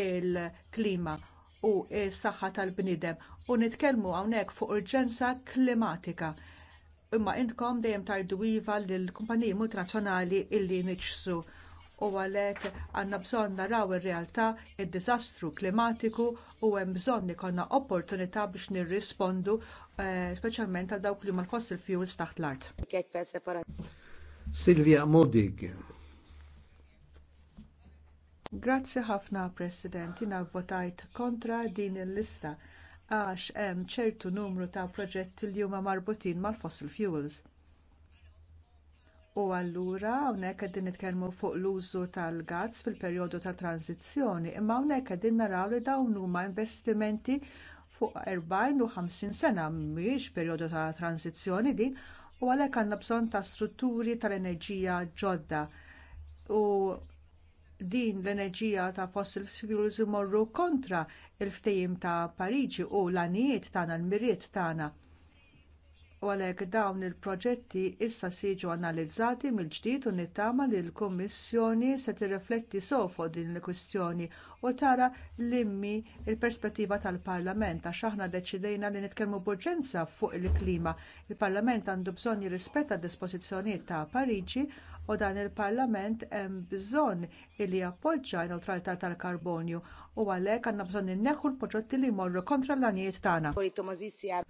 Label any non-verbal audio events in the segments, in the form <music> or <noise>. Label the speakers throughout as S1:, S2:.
S1: il-klima u s-saħħa il klima u s saħħa tal bnidem u nitkellmu hawnhekk fuq urġenza klimatika. Imma intkom dejjem tajdu iva lill kumpaniji multinazzjonali illi niċsu u għalhekk għandna bżonn naraw ir-realtà id-diżastru klimatiku u hemm bżonn ikollna opportunità biex nirrispondu eh, speċjalment għal dawk li ma fossil fuels taħt l-art.
S2: Silvia Modig,
S1: Grazzi ħafna, President, jina votajt kontra din il-lista għax hemm ċertu numru ta' proġetti li huma marbutin mal-fossil fuels. U allura hawnhekk qegħdin nitkellmu fuq l-użu tal-gazz fil-perjodu ta' tranzizzjoni, imma hawnhekk qegħdin naraw li dawn huma investimenti fuq 40 u 50 sena mhix perjodu ta' tranzizzjoni din u għalhekk għandna bżonn ta' strutturi tal-enerġija ġodda u din l-enerġija ta' fossil fuels imorru kontra l ftejim ta' Pariġi u l-anijiet tagħna l-miriet tagħna. U għalhekk dawn il-proġetti issa siġu analizzati mill-ġdid u nittama li l-Kummissjoni se tirrifletti sew fuq din il-kwistjoni u tara l-immi l perspettiva tal-Parlament għax aħna deċidejna li nitkellmu b'urġenza fuq il-klima. Il-Parlament għandu bżonn jirrispetta d dispożizzjonijiet ta' Pariġi u dan il-Parlament hemm bżonn li jappoġġja n-newtralità tal-karbonju u għalhekk għandna bżonn inneħħu l-proġetti li jmorru kontra l-għanijiet tagħna.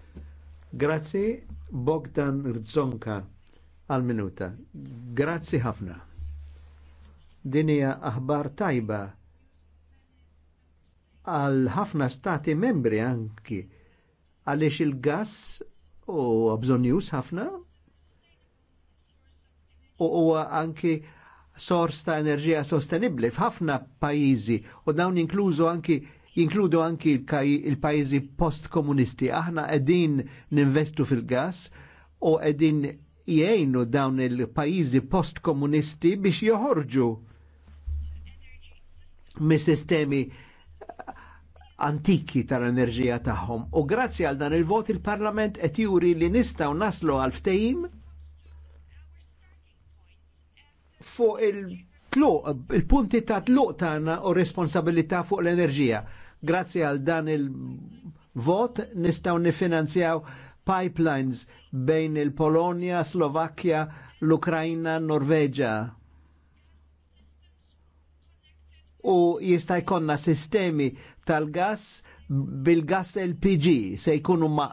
S2: Grazzi Bogdan Rzonka għal minuta. Grazzi ħafna. Din hija aħbar tajba għal ħafna stati membri anki għaliex il-gas u bżonn jus ħafna u huwa anki sors ta' enerġija sostenibli f'ħafna pajjiżi u dawn inkluzu anki jinkludu anki il-pajjiżi post-komunisti. Aħna qegħdin ninvestu fil-gas u qegħdin jgħinu dawn il-pajjiżi post-komunisti biex joħorġu mis-sistemi antiki tal-enerġija tagħhom. U grazzi għal dan il-vot il-Parlament qed juri li nistgħu naslu għal ftehim fuq il-tluq, il-punti ta' tluq tagħna u responsabilità fuq l-enerġija. Grazzi għal dan il-vot nistgħu nifinanzjaw pipelines bejn il-Polonja, Slovakkja, l-Ukrajna, Norveġa. U jista' jkollna sistemi tal-gas bil-gas LPG se jkunu ma'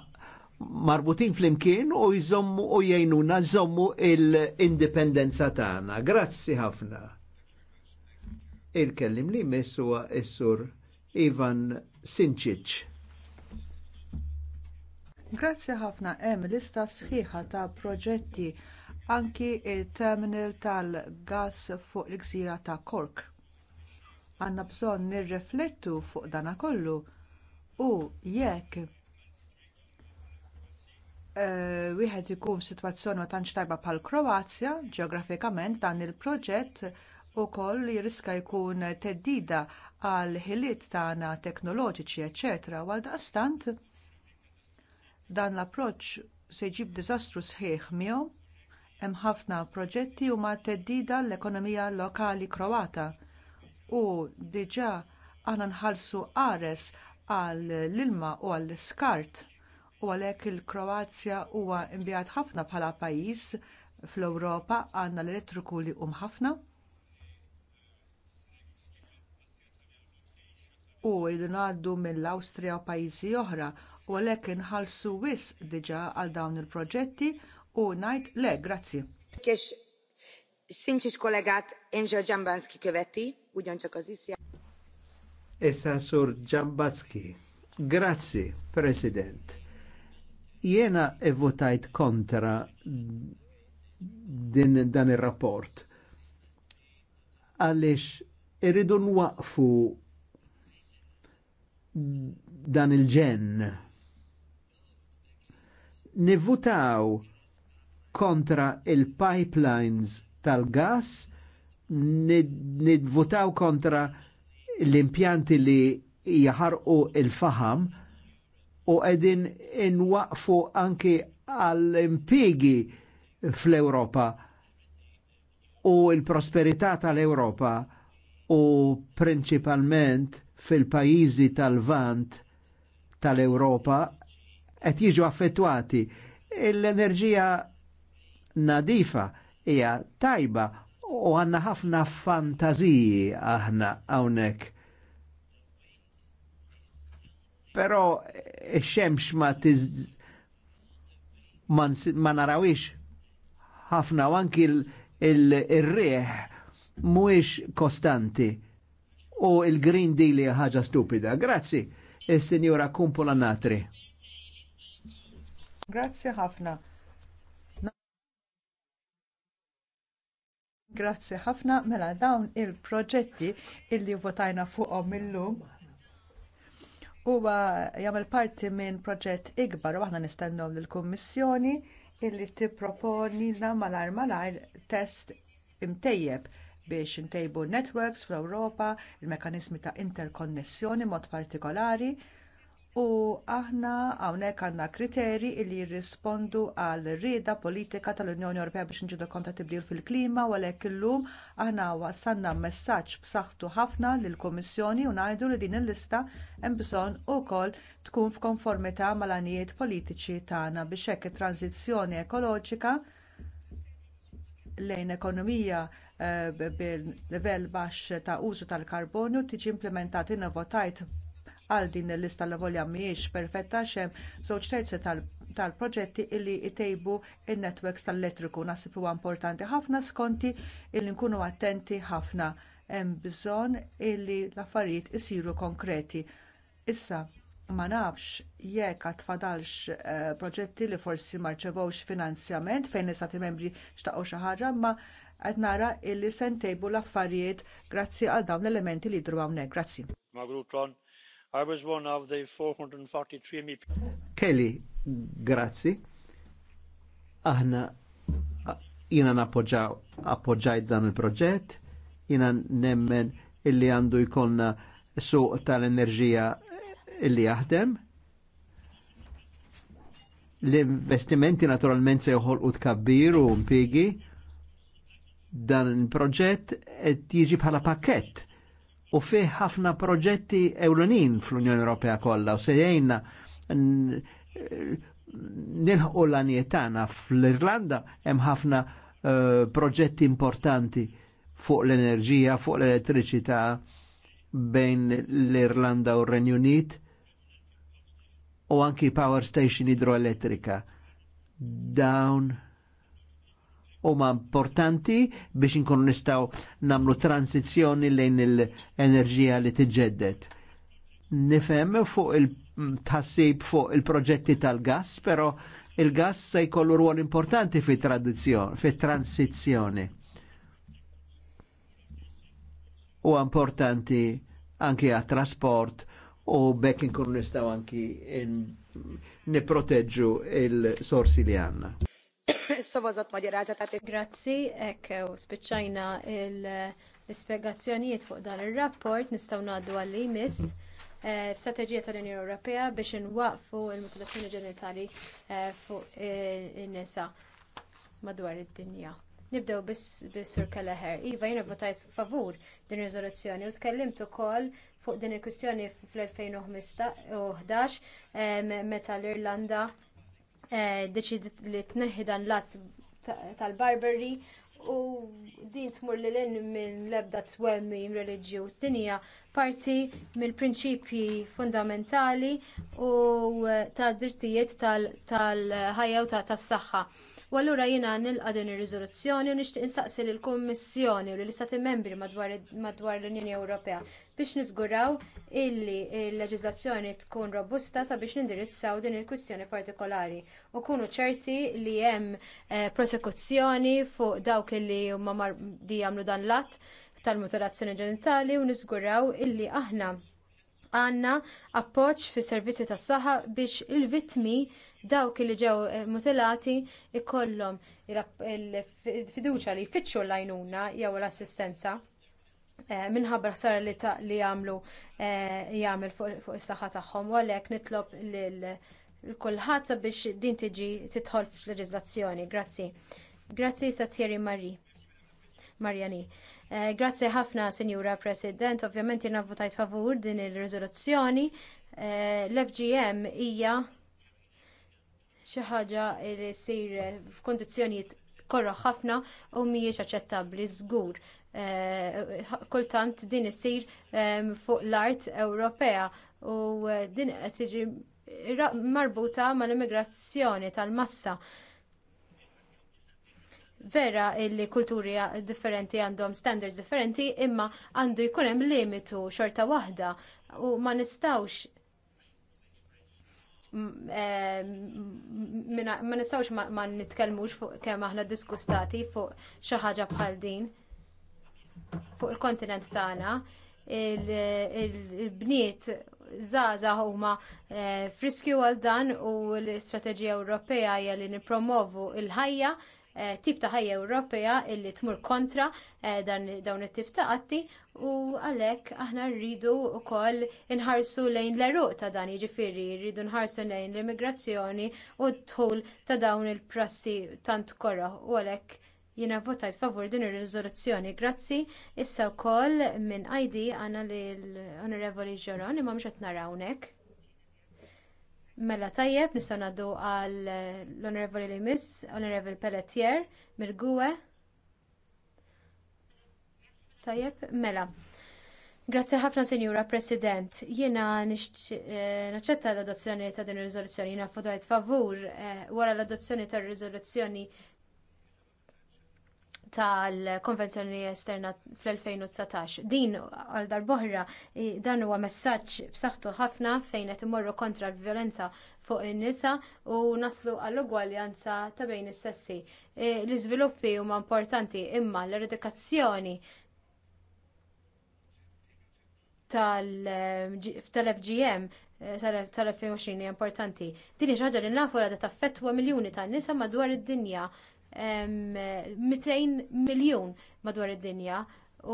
S2: marbutin fl-imkien u jżommu u jgħinuna jżommu l-indipendenza tagħna. Grazzi ħafna. Il-kellim li messuwa is-sur Ivan Sinċiċ.
S1: Grazzi ħafna hemm lista sħiħa ta' proġetti anki il-terminal tal-gas fuq l-gżira ta' Cork. Għanna bżonn nirreflettu fuq dana kollu u jekk Eh, wieħed ikun f'sitwazzjoni ma tantx tajba bħal Kroazja, ġeografikament dan il-proġett ukoll jiriska jkun teddida għal ħiliet tagħna teknoloġiċi, eċetera, u għaldaqstant dan l-approċċ se jġib diżastru sħiħ miegħu hemm ħafna proġetti huma teddida l-ekonomija lokali Kroata u diġà aħna nħallsu qares għall ilma u għall iskart u għalhekk il-Kroazja huwa imbjat ħafna bħala pajjiż fl-Ewropa għandna l-elettriku li hum ħafna. U rridu ngħaddu mill-Awstrija u pajjiżi oħra u għalhekk inħallsu wisq diġà għal dawn il-proġetti u ngħid le, grazzi. Kiex sinċi kollegat Enġo Ġambanski kivetti, u ġanċa kozissja.
S2: Issa sur Ġambanski. Grazzi, President Jena votajt kontra din dan ir-rapport għaliex irridu nwaqfu dan il-ġen. Nivutaw kontra il-pipelines tal-gas, nivutaw kontra l-impjanti li jaħarqu il-faham, u qegħdin inwaqfu anki għall-impigi fl-Ewropa u l-prosperità tal-Ewropa u prinċipalment fil-pajjiżi tal-vant tal-Ewropa qed jiġu affettwati. L-enerġija nadifa hija tajba u għanna ħafna fantaziji aħna hawnhekk Però eh, xemx ma tiz ma narawix ħafna u il-rieħ mhuwiex kostanti u il-Green Deal li ħaġa stupida. Grazzi, il-Senjora e Kumpula Natri.
S1: Grazzi ħafna. Grazzi ħafna mela dawn il-proġetti illi votajna fuqhom illum huwa jagħmel parti minn proġett ikbar u aħna nistennhom lill-Kummissjoni illi tipproponilna malar malajr test imtejjeb biex intejbu networks fl-Ewropa, il-mekanizmi ta' interkonnessjoni mod partikolari u aħna hawnhekk għandna kriteri li jirrispondu għal rieda politika tal-Unjoni Ewropea biex nġidu konta fil-klima u għalhekk illum aħna wasalna messaġġ b'saħħtu ħafna lill kummissjoni u ngħidu li din il-lista hemm bżonn ukoll tkun f'konformità mal-għanijiet politiċi tagħna biex hekk it-tranzizzjoni ekoloġika lejn ekonomija eh, bil-level baxx ta' użu tal-karbonju tiġi implementat votajt għal din il-lista li volja mhijiex perfetta xem żewġ terzi tal-proġetti tal illi jtejbu in-netwerks tal-elettriku nasib huwa importanti ħafna skonti illi nkunu attenti ħafna hemm bżonn illi l-affarijiet isiru konkreti. Issa, ma nafx jekk għat fadalx uh, proġetti li forsi ma finanzjament fejn nistati membri xtaqgħu xi ħaġa, ma qed nara illi se ntejbu l-affarijiet grazzi għal dawn l-elementi li jidhru hawnhekk. Grazzi.
S3: I was one of the 443 MEP.
S2: Kelly, grazzi. Aħna jina nappoġġaw appoġġajt dan il-proġett, jina nemmen illi għandu jkollna su tal-enerġija illi jaħdem. L-investimenti naturalment se u tkabbir u mpigi dan il-proġett et jiġi bħala pakkett u fih ħafna proġetti ewlenin fl-Unjoni Ewropea kollha u se jgħinna nilħu l fl-Irlanda hemm ħafna eh, proġetti importanti fuq l-enerġija, fuq l-elettriċità bejn l-Irlanda u r-Renju Unit u anki power station idroelettrika. Dawn huma importanti biex inkunu nistgħu nagħmlu transizzjoni lejn il-enerġija li tiġġedded. Nifhem fuq il-tħassib fuq il-proġetti tal-gas, però il-gas se jkollu rwol importanti fit fi transizzjoni. U importanti anki għat trasport u bekk inkunu nistgħu anki in niproteġġu il-sorsi li għanna
S3: s-savazat <coughs> għati. Grazzi, u spiċċajna l spiegazzjonijiet fuq dan ir rapport nistgħu ngħaddu għalli miss strategija tal-Unjoni Ewropea biex inwaqfu l mutilazzjoni ġenitali fuq in-nisa madwar id-dinja. Nibdew bis-Sur Kelleher. Iva jiena votajt favur din riżoluzzjoni u tkellimt ukoll fuq din il-kwistjoni fl-2011 meta l-Irlanda Eh, deċidit li tneħħi dan l-att tal barberi u din tmur li l-in minn lebda twemmi reliġjuż. Din hija parti mill-prinċipji fundamentali u tad drittijiet tal-ħajja u tas-saħħa. U allura jina nilqa din ir-riżoluzzjoni u nixtieq insaqsi lill kummissjoni u lill-Istati Membri madwar l-Unjoni Ewropea biex niżguraw illi l-leġiżlazzjoni tkun robusta sabiex nindirizzaw din il-kwistjoni partikolari u kunu ċerti li hemm eh, prosekuzzjoni fuq dawk illi huma li jagħmlu dan l-att tal-mutilazzjoni ġenitali u niżguraw illi aħna għandna appoġġ fis servizzi tas saħħa biex il-vittmi dawk li ġew eh, mutilati ikollhom il-fiduċa li jfittxu l-għajnuna jew l-assistenza eh, minħabba sar li jagħmlu eh, jagħmel fuq is-saħħa tagħhom u għalhekk nitlob lil kulħadd sabiex din tiġi tidħol f'leġiżlazzjoni. Grazzi. Grazzi sa Thierry Marie. Marjani. Grazzi ħafna, Sinjura President. Ovvjament jiena votajt favur din ir-riżoluzzjoni. L-FGM hija xi ħaġa li ssir f'kundizzjonijiet korra ħafna u mhijiex aċċettabbli żgur. Eh, kultant din issir ehm, fuq l-art Ewropea u din qed tiġi marbuta mal-immigrazzjoni tal-massa vera li kulturi differenti għandhom standards differenti imma għandu jkun hemm limitu xorta waħda u ma nistawx Eh, ma nistgħux ma nitkellmux fuq kemm aħna diskustati fuq xi ħaġa bħal din fuq il-kontinent tagħna il-bniet zaza huma eh, friskju għal dan u l-istrateġija Ewropea hija li nippromovu l ħajja Eh, tip ta' ħajja Ewropea illi tmur kontra eh, dawn it-tip ta' qatti u għalhekk aħna rridu wkoll inħarsu lejn l-eruq ta' dan jiġifieri, rridu nħarsu lejn l-immigrazzjoni u t-tħul ta' dawn il-prassi tant korra u għalhekk jiena votajt favur din ir-riżoluzzjoni. Grazzi, issa wkoll minn ID għandna lill onorevoli Ġoron imma mhux qed narawnek. Mela tajjeb, nistgħu ngħaddu għal eh, l-Onorevoli Limis, Onorevoli Pelletier, mill-Gwe. Tajjeb, mela. Grazie ħafna, Senjura President. Jiena eh, naċċetta l-adozzjoni ta' din ir-riżoluzzjoni, jiena fodajt favur eh, wara l-adozzjoni tar riżoluzzjoni tal-konvenzjoni esterna fl-2019. Din għal darboħra dan huwa messaġġ b'saħħtu ħafna fejn qed imorru kontra l-vjolenza fuq in-nisa u naslu għall-ugwaljanza ta' bejn is-sessi. E, l-iżviluppi huma importanti imma l-eredikazzjoni tal-FGM tal-2020 e, importanti. Din xi ħaġa li nafu għadha taffettwa miljuni ta' nisa madwar id-dinja 200 miljon madwar id-dinja u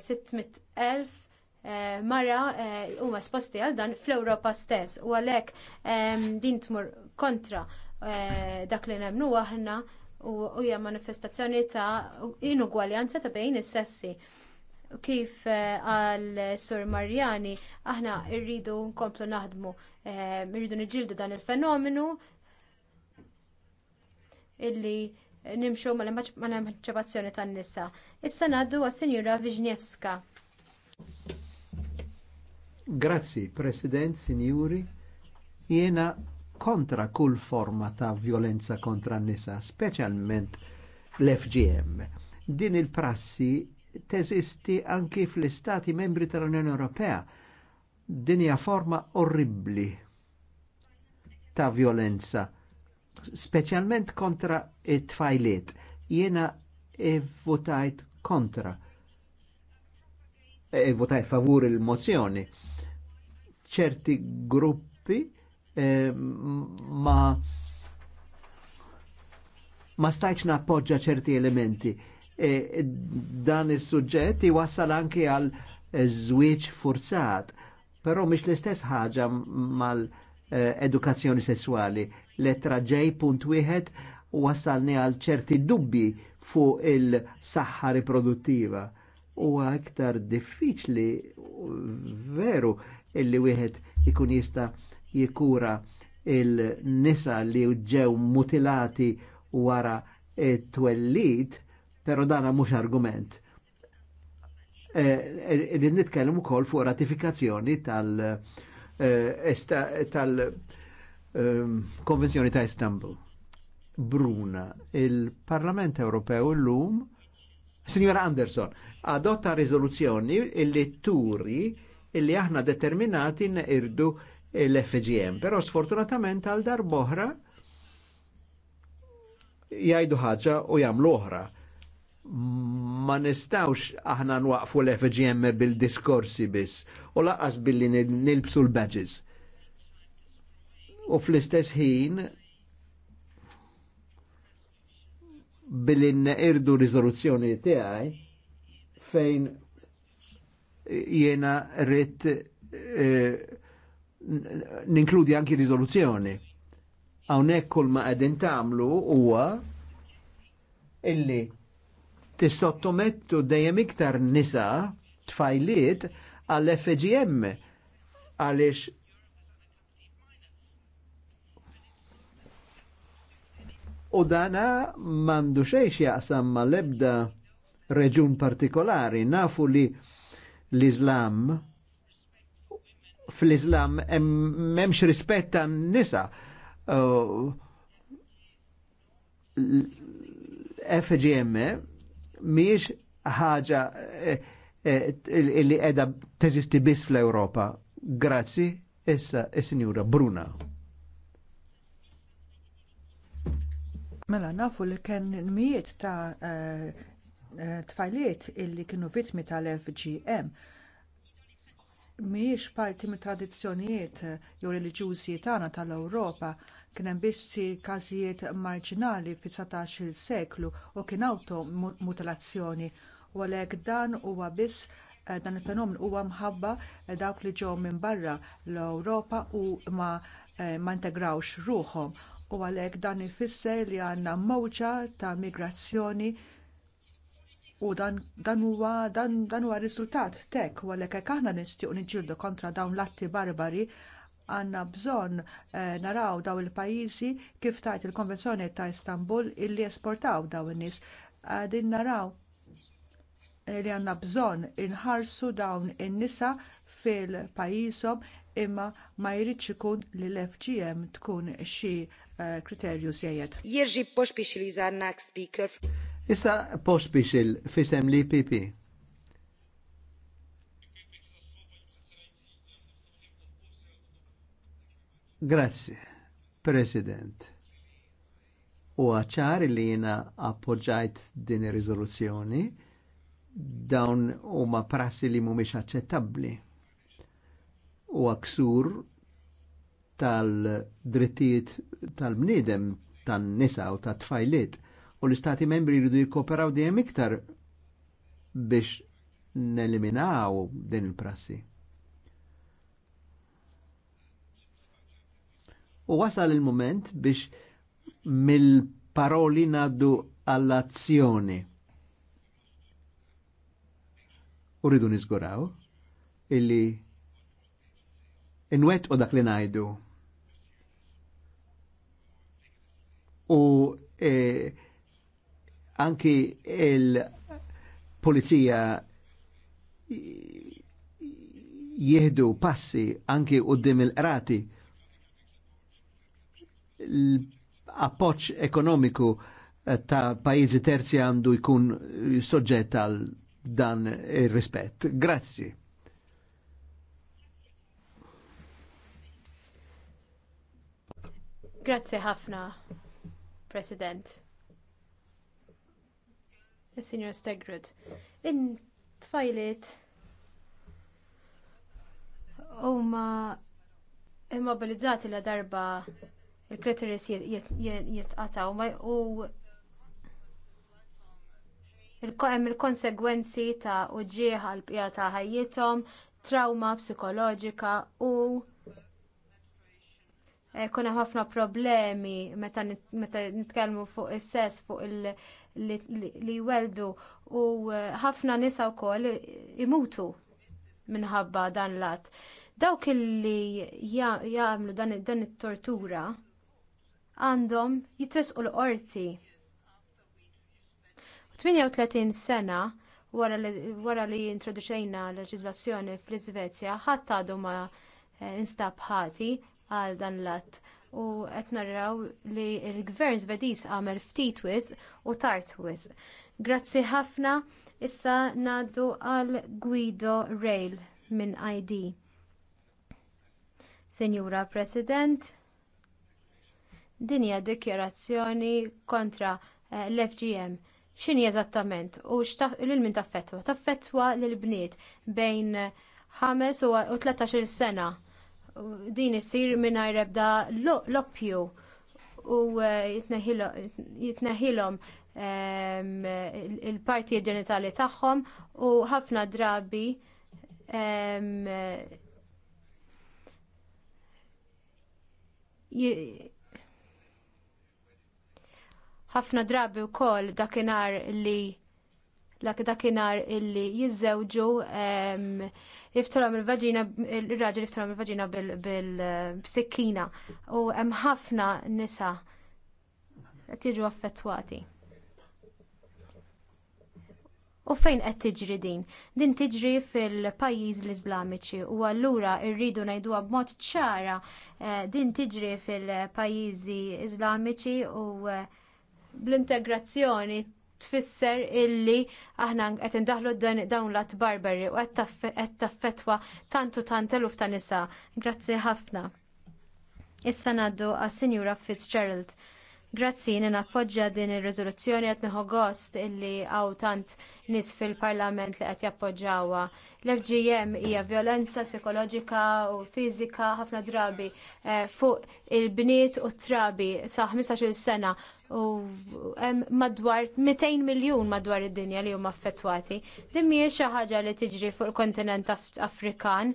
S3: 600 eh, elf eh, mara eh, huma sposti għal dan fl-Ewropa stess u għalhekk din tmur kontra dak li nemmnu aħna u hija manifestazzjoni ta' inugwaljanza ta' bejn is-sessi. Kif għal Sur Marjani, aħna rridu nkomplu naħdmu, irridu niġildu dan il-fenomenu illi nimxu mal-emanċipazzjoni tan-nisa. Issa naddu għas-Sinjura Viġnievska.
S2: Grazzi, President, Sinjuri. Jiena kontra kull forma ta' violenza kontra n-nisa, speċjalment l-FGM. Din il-prassi teżisti anki fl-istati membri tal-Unjoni Ewropea. Din hija forma orribli ta' violenza specialment kontra it-tfajliet. Jena votajt kontra. E votajt favur il-mozzjoni. ċerti gruppi eh, ma ma stajċ nappoġġa ċerti elementi. E, dan is-suġġett wassal anki għal żwieġ forzat, pero mish l-istess ħaġa mal-edukazzjoni e, sessuali Lettra J punt wieħed u wasalni għal ċerti dubbi fuq il-saħħa riproduttiva. U aktar diffiċli veru illi wieħed ikun jista jikura il-nisa li ġew mutilati wara twellit, pero dana mhux argument. Rid e, e, e, nitkellem ukoll fuq ratifikazzjoni tal- tal- Ehm, konvenzjoni ta' Istanbul. Bruna, il-Parlament Ewropew l-lum, signora Anderson, adotta rizoluzzjoni illi turi illi aħna determinati irdu l-FGM, però sfortunatament għal dar boħra jajdu ħaġa u jamlu oħra. Ma nistawx aħna nwaqfu l-FGM bil-diskorsi biss u laqqas billi nilbsu l-badges u fl-istess ħin billi irdu rizoluzzjoni tiegħi fejn jiena rrit eh, ninkludi anki rizoluzzjoni. Hawnhekk kull ma għedin tagħmlu huwa illi tissottomettu dejjem iktar nisa tfajliet għall-FGM għaliex U dana mandu xejx jaqsam ma lebda reġun partikolari. Nafu li l-Islam fl-Islam memx rispetta n nisa. Uh, FGM miex ħaġa eh, eh, li edha teżisti bis fl-Europa. Grazzi, issa, is-Sinjura e Bruna.
S1: Mela nafu li kien mijiet ta' eh, eh, tfajliet illi kienu vittmi tal-FGM mhijiex parti mit tradizzjonijiet eh, jew reliġjużi tagħna tal-Ewropa kien hemm bisti każijiet marġinali fit-19 seklu u kien awto mutilazzjoni u għalhekk dan huwa biss dan il-fenomen huwa mħabba dawk li ġew minn barra l-Ewropa u ma, ma integrawx ruħhom u għalhekk dan ifisser li għandna mowġa ta' migrazzjoni u dan huwa dan, dan huwa riżultat tek u għalhekk hekk aħna nistgħu niġġieldu kontra dawn l-atti barbari għandna bżonn eh, naraw dawn il-pajjiżi kif tajt il-Konvenzjoni ta' Istanbul illi esportaw dawn in-nies. Għadin naraw eh, li għandna bżonn inħarsu dawn in-nisa fil-pajjiżhom imma ma jridx ikun li l-FGM tkun xi Eh, kriterju sejjed. Jirġi pospixil jizar next speaker.
S2: Issa pospixil fisem li PP. Grazie, President. U għacċar li jina appoġġajt din ir-riżoluzzjoni dawn huma prassi li mhumiex aċċettabbli. U għaksur tal-drittijiet tal-bniedem tan-nisa u tat-tfajliet u l-istati membri jridu jikkooperaw dejjem iktar biex neliminaw din il-prassi. U wasal il-moment biex mill-paroli naddu għall-azzjoni. U rridu nizguraw illi inwet u dak li najdu u eh, anki il-polizija jihdu passi anki u dim il-qrati l-appoċ ekonomiku ta' pajizi terzi għandu jkun soġġett għal dan il-rispett. Grazzi.
S3: Grazie ħafna. President. Is-Sinjor Stegrud. In-tfajlit huma immobilizzati la darba il-klitoris jitqata u hemm il-konsegwenzi ta' uġieħa l pijata ta' ħajjithom, trauma psikoloġika u Eh, kuna ħafna problemi meta nitkellmu fuq is-sess fuq li weldu u eh, ħafna nisa wkoll imutu minħabba dan l-att. Dawk li jagħmlu dan it-tortura għandhom jitresqu l-qorti. 38 sena wara li introduċejna leġiżlazzjoni fl-Iżvezja ħadd għadu ma eh, instab ħati għal dan l-att u qed narraw li l-gvern Svediż għamel ftit wis u tard wis. Grazzi ħafna issa ngħaddu għal Guido Rail minn ID. Senjura President, din hija dikjarazzjoni kontra eh, l-FGM. X'inhi eżattament u lil min taffetwa? Taffettwa lil bniet bejn ħames u 13 sena din issir mingħajr ebda l-oppju u eh, jitneħilhom ehm, il-parti ġenitali tagħhom u ħafna drabi ehm, ħafna drabi wkoll dakinhar li dakinar dakinhar jizzewġu jiżewġu ehm, iftarom il vagina il-raġel iftarom il vagina bil-sikkina u hemm ħafna nisa qed jiġu affettwati. U fejn qed tiġri din? Din tiġri fil-pajjiż l-Iżlamiċi u allura rridu ngħiduha b'mod ċara eh, din tiġri fil-pajjiżi Iżlamiċi u eh, bl-integrazzjoni tfisser illi aħna qed indaħlu dawn l barbari u qed taffetwa tantu tant eluf ta' nisa. Grazzi ħafna. Issa ngħaddu għas-Sinjura Fitzgerald. Grazzi, nina nappoġġa din ir-riżoluzzjoni qed nieħu gost illi għaw tant nies fil-Parlament li qed jappoġġawha. L-FGM hija violenza psikoloġika u fizika ħafna drabi eh, fuq il-bniet u trabi sa' 15-il sena u madwar 200 miljon madwar id-dinja li huma affettwati. Din mhijiex xi ħaġa li tiġri fuq il-kontinent Afrikan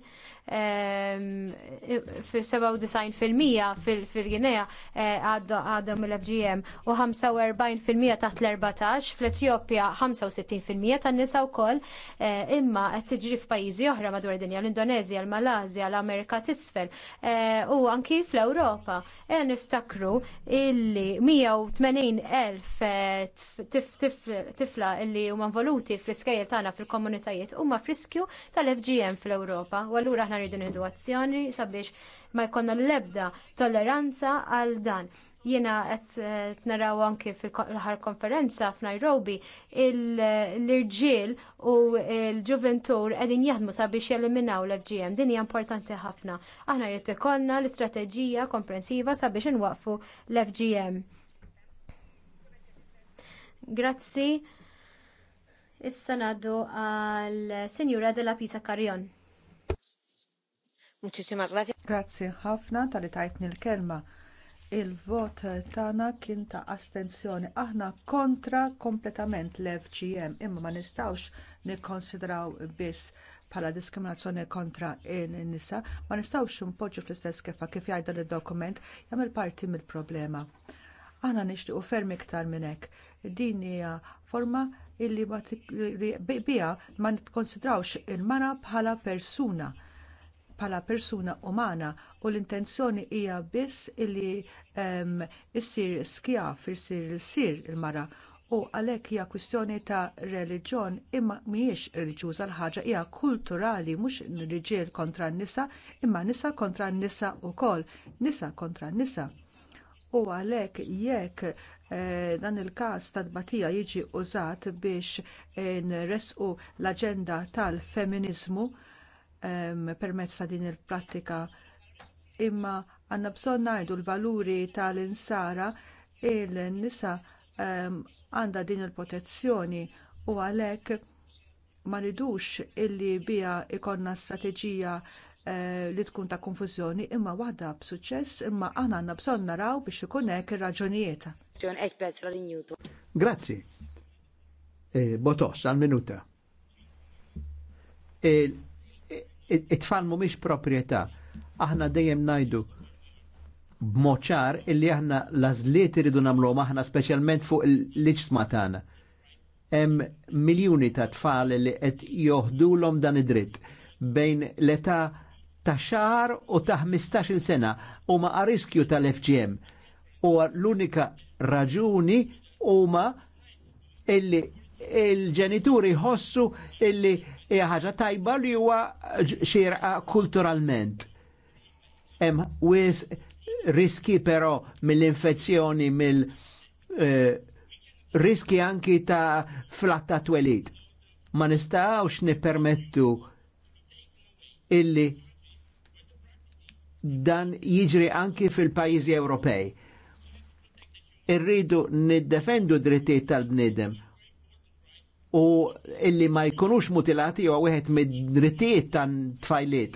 S3: fil-97% fil-Ginea għadhom mill-FGM u 45% taħt l-14, fl-Etjopja 65% tan-nisa koll eh, imma qed tiġri f'pajjiżi oħra madwar id-dinja l-Indonezja, l-Malazja, l-Amerika t'isfel eh, u anki fl-Ewropa. E niftakru illi 180,000 eh, tifla illi huma manvoluti fl-iskejjel tagħna fil-komunitajiet huma friskju tal-FGM fl-Ewropa. U aħna rridu nħidu azzjoni sabiex ma jkollna l-ebda tolleranza għal dan. Jiena qed eh, naraw anki fil-ħar konferenza f'Nairobi l-irġiel u l-ġuventur qegħdin jaħdmu sabiex jeliminaw l-FGM. Din hija importanti ħafna. Aħna rrid ikollna l-istrateġija komprensiva sabiex inwaqfu l-FGM. Grazzi. Issa naddu għal Senjura della Pisa Karjon.
S1: Grazzi Grazie ħafna tal tajtni l-kelma. Il-vot tagħna kien ta' astenzjoni. Aħna kontra kompletament l-FGM, imma ma nistawx nikkonsidraw biss bħala diskriminazzjoni kontra n-nisa, ma nistawx impoġġu fl-istess kefa kif jgħidha l-dokument jagħmel parti mill-problema. Aħna nixtiequ ferm iktar minn hekk. Din hija forma illi bija ma nikkonsidrawx il-mara bħala persuna bħala persuna umana u l-intenzjoni hija biss illi um, issir skjaf, issir sir il-mara u għalhekk hija kwistjoni ta' reliġjon imma mhijiex reliġjuża l-ħaġa hija kulturali mhux riġiel kontra n-nisa imma nisa kontra n-nisa wkoll, nisa kontra n-nisa. U għalhekk jekk eh, dan il każ ta' tbatija jiġi użat biex eh, nresqu l aġenda tal-feminizmu, permezz ta' din il-prattika. Imma għandna bżonn ngħidu l-valuri tal-insara il-nisa għandha din il-protezzjoni u għalhekk ma ridux illi biha ikonna strateġija eh, li tkun ta' konfuzjoni imma waħda b'suċċess imma aħna għandna bżonn naraw biex ikun hekk ir-raġunijiet.
S2: Grazzi. Eh, Botos, għal minuta. Eh, it-tfal mhumiex proprjetà. Aħna dejjem ngħidu b'moċar illi aħna lażliet iridu nagħmluhom aħna speċjalment fuq il-liġsma tagħna. Hemm miljuni ta' tfal li qed joħdulhom dan id-dritt bejn l-età ta' xar u ta' 15 sena huma a riskju tal-FGM. U l-unika raġuni huma illi il-ġenituri ħossu illi hija ħaġa tajba li huwa xirqa kulturalment. Hemm wis riski però mill-infezzjoni mill-, eh, riski anki ta' flatta twelid. Ma nistax nippermettu illi dan jiġri anki fil pajjiżi Ewropej. Irridu niddefendu drittijiet tal-bnidem u illi ma jkunux mutilati u wieħed mid-drittijiet tan tfajliet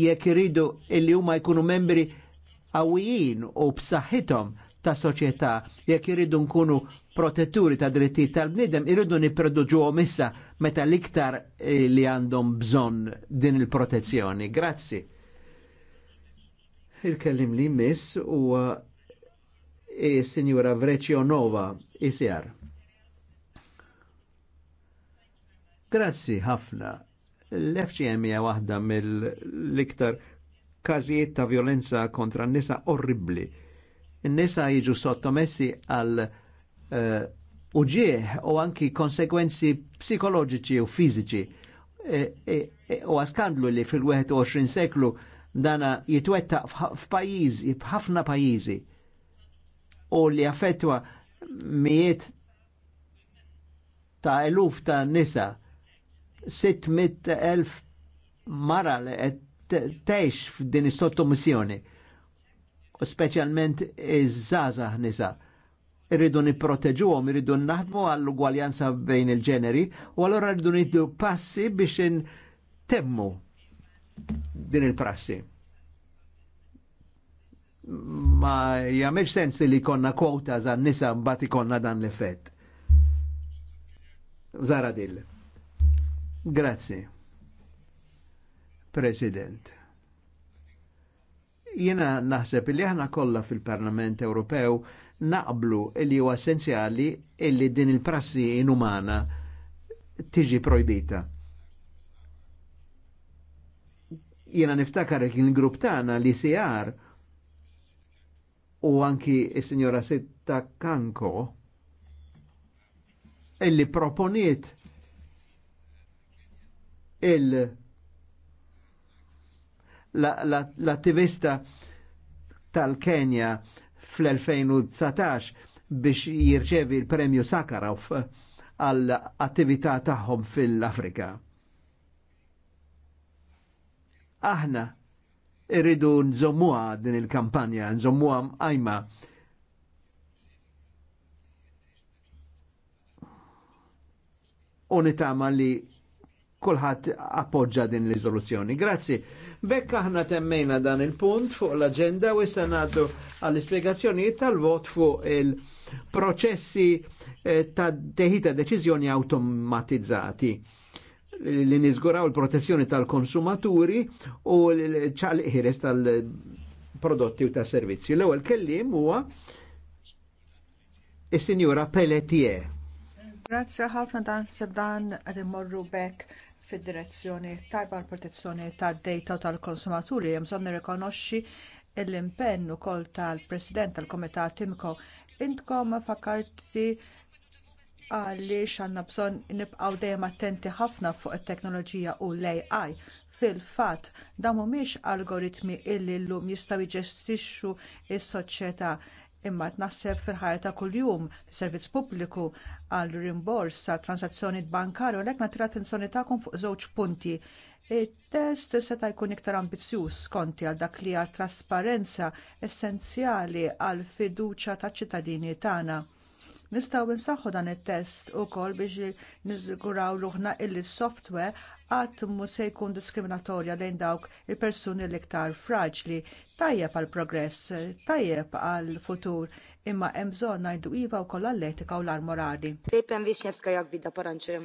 S2: jek iridu illi huma jkunu membri għawijin u b'saħħithom ta' soċjetà jekk iridu nkunu protetturi ta' drittijiet tal-bniedem iridu nipproduġuhom issa meta l-iktar eh, li għandhom bżonn din il-protezzjoni. Grazzi. Il-kellim li miss u eh, e, Signora Nova ICR. Grazzi ħafna. L-FGM hija waħda mill-iktar każijiet ta' violenza kontra n-nisa orribli. N-nisa jiġu sottomessi għal eh, uġieħ u anki konsekwenzi psikoloġiċi u fiżiċi. E, e, e, u għaskandlu li fil-21 seklu dana jitwetta f'pajjiżi, f'ħafna pajjiżi u li affettwa mijiet ta' eluf ta' nisa 600.000 mara li qed tgħix f'din is-sottomissjoni. Speċjalment iż-żgħażagħ nisa. Irridu nipproteġuhom, irridu naħdmu għall-ugwaljanza bejn il-ġeneri u allura rridu niddu passi biex temmu din il-prassi. Ma jagħmilx sens li konna kwota za nisa mbagħad ikollna dan l-effett. Zara Dill. Grazie. President. Jena naħseb li aħna kollha fil-Parlament Ewropew naqblu li huwa essenzjali li din il-prassi inumana tiġi projbita. Jena niftakar il-grupp tagħna li sejar u anki is-Sinjora Sitta Kanko illi proponiet Il l-attivista tal-Kenja fl-2019 biex jirċevi l-premju Sakharov għall attività tagħhom fil-Afrika. Aħna irridu nżommuha din il-kampanja, nżommuha mqajma. U nitama li kulħadd appoġġa din l-iżoluzzjoni. Grazzi. Bekk aħna temmejna dan il-punt fuq l agenda u issa nagħtu għall-ispjegazzjonijiet tal-vot fuq il-proċessi eh, ta' teħita deċiżjoni automatizzati li nizguraw il-protezzjoni tal-konsumaturi u l-ċalqħires tal-prodotti u ta' servizzi. L-ewwel kellim huwa is-Sinjura Pelletier.
S1: Grazie ħafna dan se dan rimorru bekk fid-direzzjoni tajba l-protezzjoni tad-dejta u tal-konsumaturi hemm bżonn nirrikonoxxi l-impenn ukoll tal-President tal-Komitat Timko. Intkom fakkarti għaliex għandna bżonn nibqgħu dejjem attenti ħafna fuq it-teknoloġija u l-AI fil-fatt dawn mhumiex algoritmi illi llum jistgħu jġestixxu s-soċjetà imma tnaħseb fil-ħajja ta' kuljum servizz pubbliku għal rimbors sa' transazzjoni bankarju l natira attenzjoni tagħkom fuq żewġ punti. Il-test seta' jkun iktar ambizzjuż skonti għal dak li għal trasparenza essenzjali għal fiduċja taċ ċittadini tagħna Nistgħu nsaħħu dan it-test ukoll biex niżguraw ruħna illi s-software qatt mu se jkun diskriminatorja lejn dawk il-persuni l-iktar fraġli. Tajjeb għall progress, tajjeb għall futur imma hemm bżonn ngħidu iva wkoll għall-etika u l-armorali.
S3: Sejpem Wisniewska jak vida paranċe.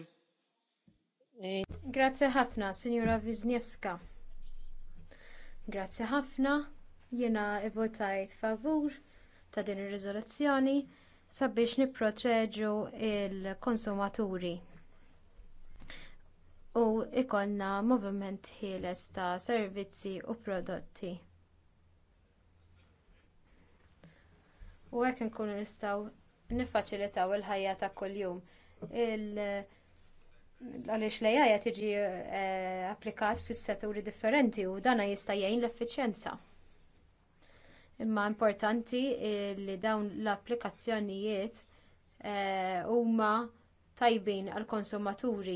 S3: Grazie ħafna, Signora Wisniewska. Grazie ħafna, jiena votajt favur ta' din ir-riżoluzzjoni sabiex nipproteġu l konsumaturi u ikollna moviment ħieles ta' servizzi u prodotti. U hekk inkunu nistgħu niffaċilitaw il-ħajja ta' kuljum. Għaliex l tiġi eh, applikat fis-setturi differenti u dana jista' jgħin l-effiċjenza. Imma importanti li dawn l-applikazzjonijiet eh, huma tajbin għall konsumaturi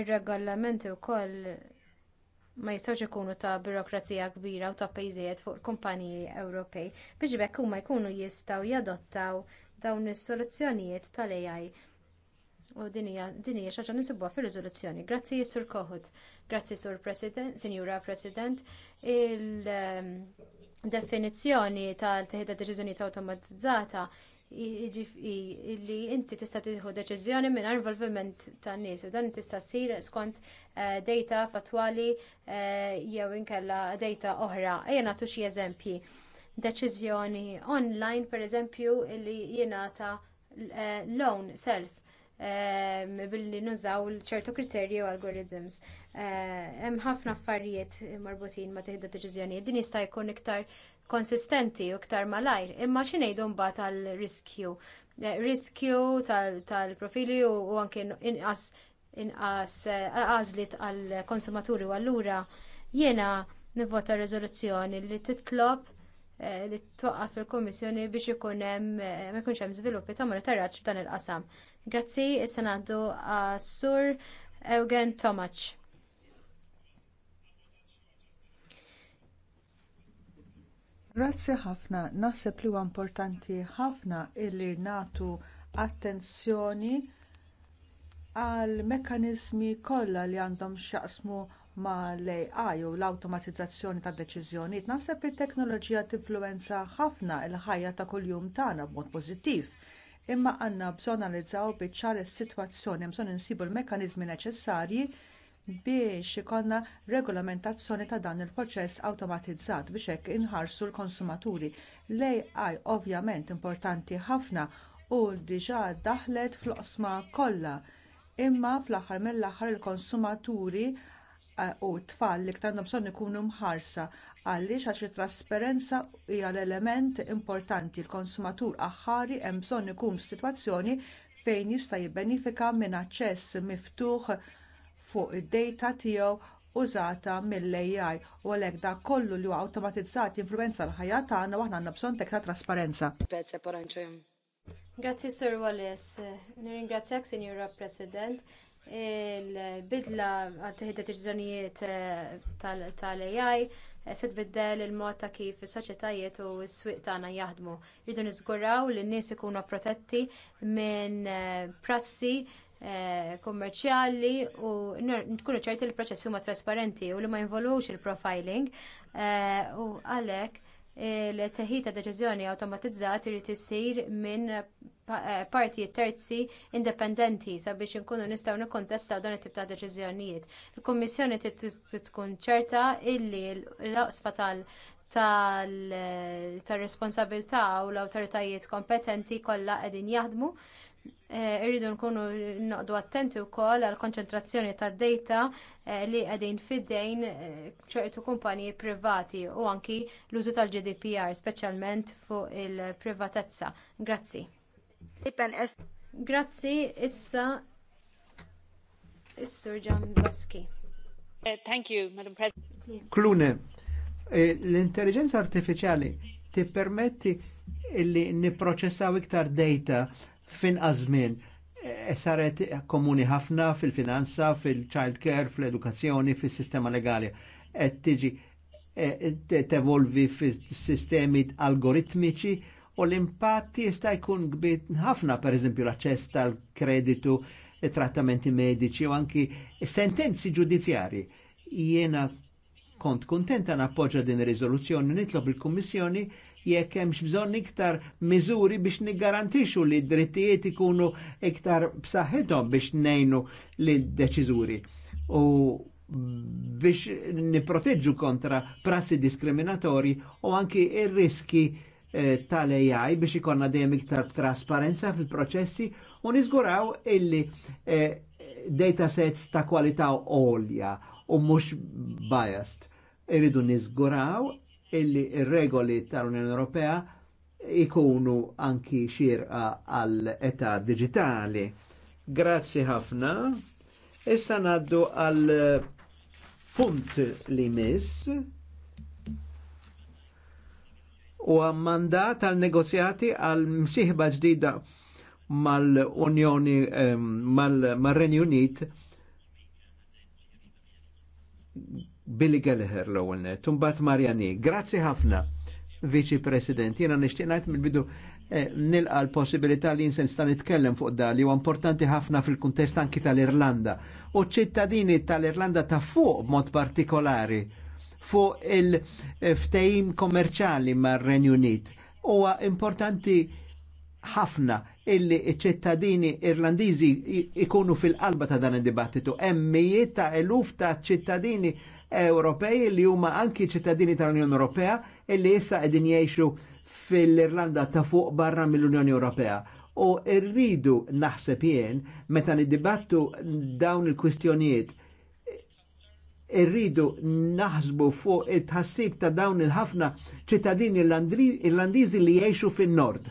S3: Ir-regolamenti wkoll ma jistgħux ikunu ta' birokrazija kbira u ta' pejżijiet fuq kumpaniji Ewropej biex bekk huma jkunu jistgħu jadottaw dawn is-soluzzjonijiet tal-AI U dinija, dinija xaġa nisibuwa fil riżoluzzjoni Grazzi Sur Kohut, grazzi Sur President, Sinjura President, il-definizjoni ehm, tal-teħida deċizjoni ta' automatizzata li inti tista' tiħu deċiżjoni minn involviment tan nies u dan tista' ssir skont eh, data fatwali eh, jew inkella data oħra. Ejja nagħtu xi eżempji. Deċiżjoni online pereżempju li jingħata eh, loan self Ehm, billi nużaw ċertu kriterji u algorithms. Eh, hemm ħafna affarijiet marbutin ma teħda deċiżjonijiet. Din jista' jkun iktar konsistenti u iktar malajr. Imma xi ngħidu mbagħad tal-riskju. Eh, riskju tal-profili u anke inqas inqas eh, għażlit għall konsumaturi u allura jiena nivvota riżoluzzjoni li titlob Eh, li toqgħod fil komissjoni biex ikun eh, ma jkunx hemm żviluppi ta' monitoraġġ f'dan il-qasam. Grazzi, issa ngħaddu għas-Sur Eugen Tomac.
S1: Grazzi ħafna, naħseb li huwa importanti ħafna illi nagħtu attenzjoni għal mekkaniżmi kollha li għandhom x'jaqsmu ma l-AI u l-automatizzazzjoni tad deċiżjonijiet naħseb li t teknoloġija tinfluwenza ħafna l-ħajja ta' kuljum tagħna b'mod pożittiv. Imma għandna bżonn analizzaw biċ-ċar is-sitwazzjoni, bżonn insibu l-mekkaniżmi neċessarji biex ikollna regolamentazzjoni ta' dan il-proċess awtomatizzat biex hekk inħarsu l-konsumaturi. L-AI ovvjament importanti ħafna u diġà daħlet fl-qosma kollha imma fl-aħħar mill-aħħar il-konsumaturi u tfal li ktar bżonn ikunu mħarsa għaliex għax it trasparenza hija l-element importanti l-konsumatur aħħari hemm bżonn ikun f'sitwazzjoni fejn jista' jibbenifika minn aċċess miftuħ fuq id-dejta tiegħu użata mill-AI u għalhekk dak kollu li huwa awtomatizzat jinfluwenza l-ħajja tagħna u aħna għandna bżonn ta' trasparenza.
S3: Grazzi Sir Wallace, nirringrazzjak Signora President il-bidla għat-teħida deċiżjonijiet eh, tal-AI eh, se tbiddel il-mod ta' kif is-soċjetajiet u s-swieq tagħna jaħdmu. Rridu niżguraw li n-nies ikunu protetti minn eh, prassi kummerċjali u nkunu ċerti li l-proċessi huma trasparenti u li ma jinvolux il-profiling u għalhekk l-teħid ta' deċiżjoni awtomatizzat irid isir minn eh, partijiet terzi indipendenti sabiex inkunu nistgħu nikkontestaw dan it-tip ta' deċiżjonijiet. Il-Kummissjoni tkun ċerta illi l aqsfa tal eh, tal-responsabilità u l-awtoritajiet kompetenti kollha qegħdin jaħdmu Eh, irridu nkunu noqdu attenti wkoll għall konċentrazzjoni tad data eh, li qegħdin fiddejn eh, ċertu kumpaniji privati u anki l-użu tal-GDPR, speċjalment fuq il-privatezza. Grazzi. Grazzi, issa Is-Sur Baski. Thank you, Madam
S2: President. Klune, l-intelligenza artificiali ti permetti li niprocessaw iktar data fin għazmin. E, saret komuni ħafna fil-finanza, fil-child care, fil-edukazzjoni, fil-sistema legali. Et tiġi e, tevolvi fil-sistemi algoritmiċi u l-impatti jista' jkun gbit ħafna, per eżempju, l-aċċess tal-kreditu, trattamenti medici u anki sentenzi ġudizjari. Jiena kont kontenta nappoġġa din ir-riżoluzzjoni nitlob il-Kummissjoni jekk hemmx bżonn iktar miżuri biex niggarantixxu li d-drittijiet ikunu iktar b'saħħithom biex nejnu li deċiżuri u biex niproteġġu kontra prassi diskriminatori u anki ir-riski eh, tal-AI biex ikonna dejjem iktar trasparenza fil-proċessi u niżguraw illi eh, datasets ta' kwalità olja u mhux biased. Iridu niżguraw illi il regoli tal-Unjoni Ewropea ikunu anki xirqa għal-età digitali. Grazzi ħafna. Issa naddu għal punt li miss u għammandat għal negozjati għal msiħba ġdida mal-Unjoni mal-Renju mal Unit Billy Gallagher l-ewwel net, Marjani. Grazzi ħafna, Viċi President. Jiena nixtieq ngħid mill-bidu eh, nilqa l-possibilità li jinsen sta nitkellem fuq da li huwa importanti ħafna fil-kuntest anki tal-Irlanda u ċittadini tal-Irlanda ta' fuq mod partikolari fuq il-ftejim kommerċali mar-Renju Unit. Huwa importanti ħafna illi ċittadini irlandiżi ikunu fil-qalba ta' dan id-dibattitu. Emmijiet ta' eluf ta' ċittadini Ewropej li huma anki ċittadini tal-Unjoni Ewropea illi issa qegħdin jgħixu fil-Irlanda ta' fuq barra mill-Unjoni Ewropea. U rridu naħseb jien meta niddibattu dawn il-kwistjonijiet irridu naħsbu fuq it tħassib ta' dawn il-ħafna ċittadini irlandiżi li jgħixu fin-nord.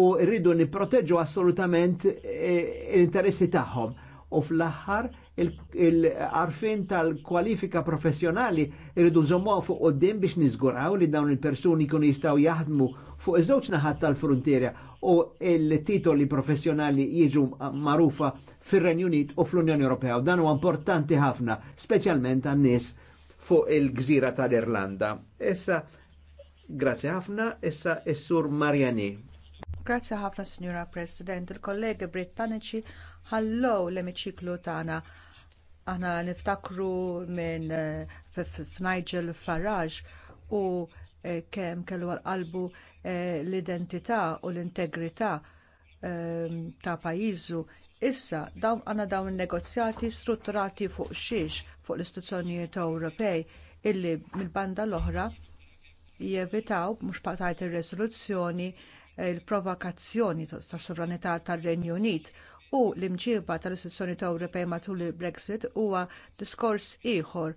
S2: U rridu niproteġu assolutament eh, l-interessi tagħhom. U fl-aħħar il-arfin il tal-kwalifika professjonali irridu nżommuha fuq qoddim biex nizguraw li dawn il-persuni kun jistgħu jaħdmu fuq iż-żewġ naħat tal-frontiera u il-titoli professjonali jiġu marufa fir-Renju Unit u fl-Unjoni Ewropea. Dan huwa importanti ħafna, speċjalment għan-nies fuq il-gżira tal-Irlanda. Issa, grazzi ħafna, issa is-sur Marjani.
S1: Grazzi ħafna, Signora President. Il-kollegi Brittaniċi ħallow l-emiċiklu tagħna Aħna niftakru minn eh, f'Nigel Farage u eh, kemm kellu għal-qalbu eh, l-identità u l-integrità ehm, ta' pajizu. Issa dawn għandna dawn negozjati strutturati fuq xiex fuq l-istituzzjonijiet Ewropej illi mill-banda l-oħra jevitaw mhux patajt ir-resoluzzjoni il-provokazzjoni tas sovranità tar-Renju Unit u l-imġiba tal-istituzzjoni ta' Ewropej matul il-Brexit huwa diskors ieħor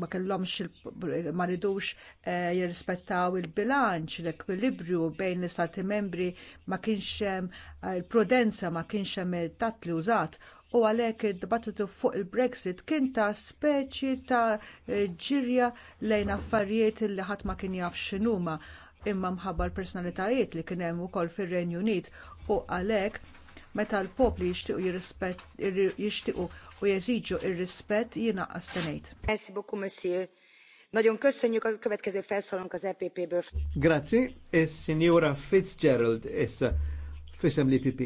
S1: ma kellhomx ma ridux eh, jirrispettaw il-bilanċ, l-ekwilibru bejn l-istati membri ma kienx hemm eh, il-prudenza ma kienx hemm tat li użat u għalhekk id-dibattitu fuq il-Brexit kien ta' speċi ta' ġirja lejn affarijiet li ħadd ma kien jaf x'inhuma imma mħabbar l-personalitajiet li kien hemm ukoll fir-Renju Unit u għalhekk meta l-popli jixtiequ jixtiequ u jeżiġu r rispett jiena astenejt. Nagyon köszönjük a epp e
S2: Grazie, e signora Fitzgerald issa fisem l-IPP.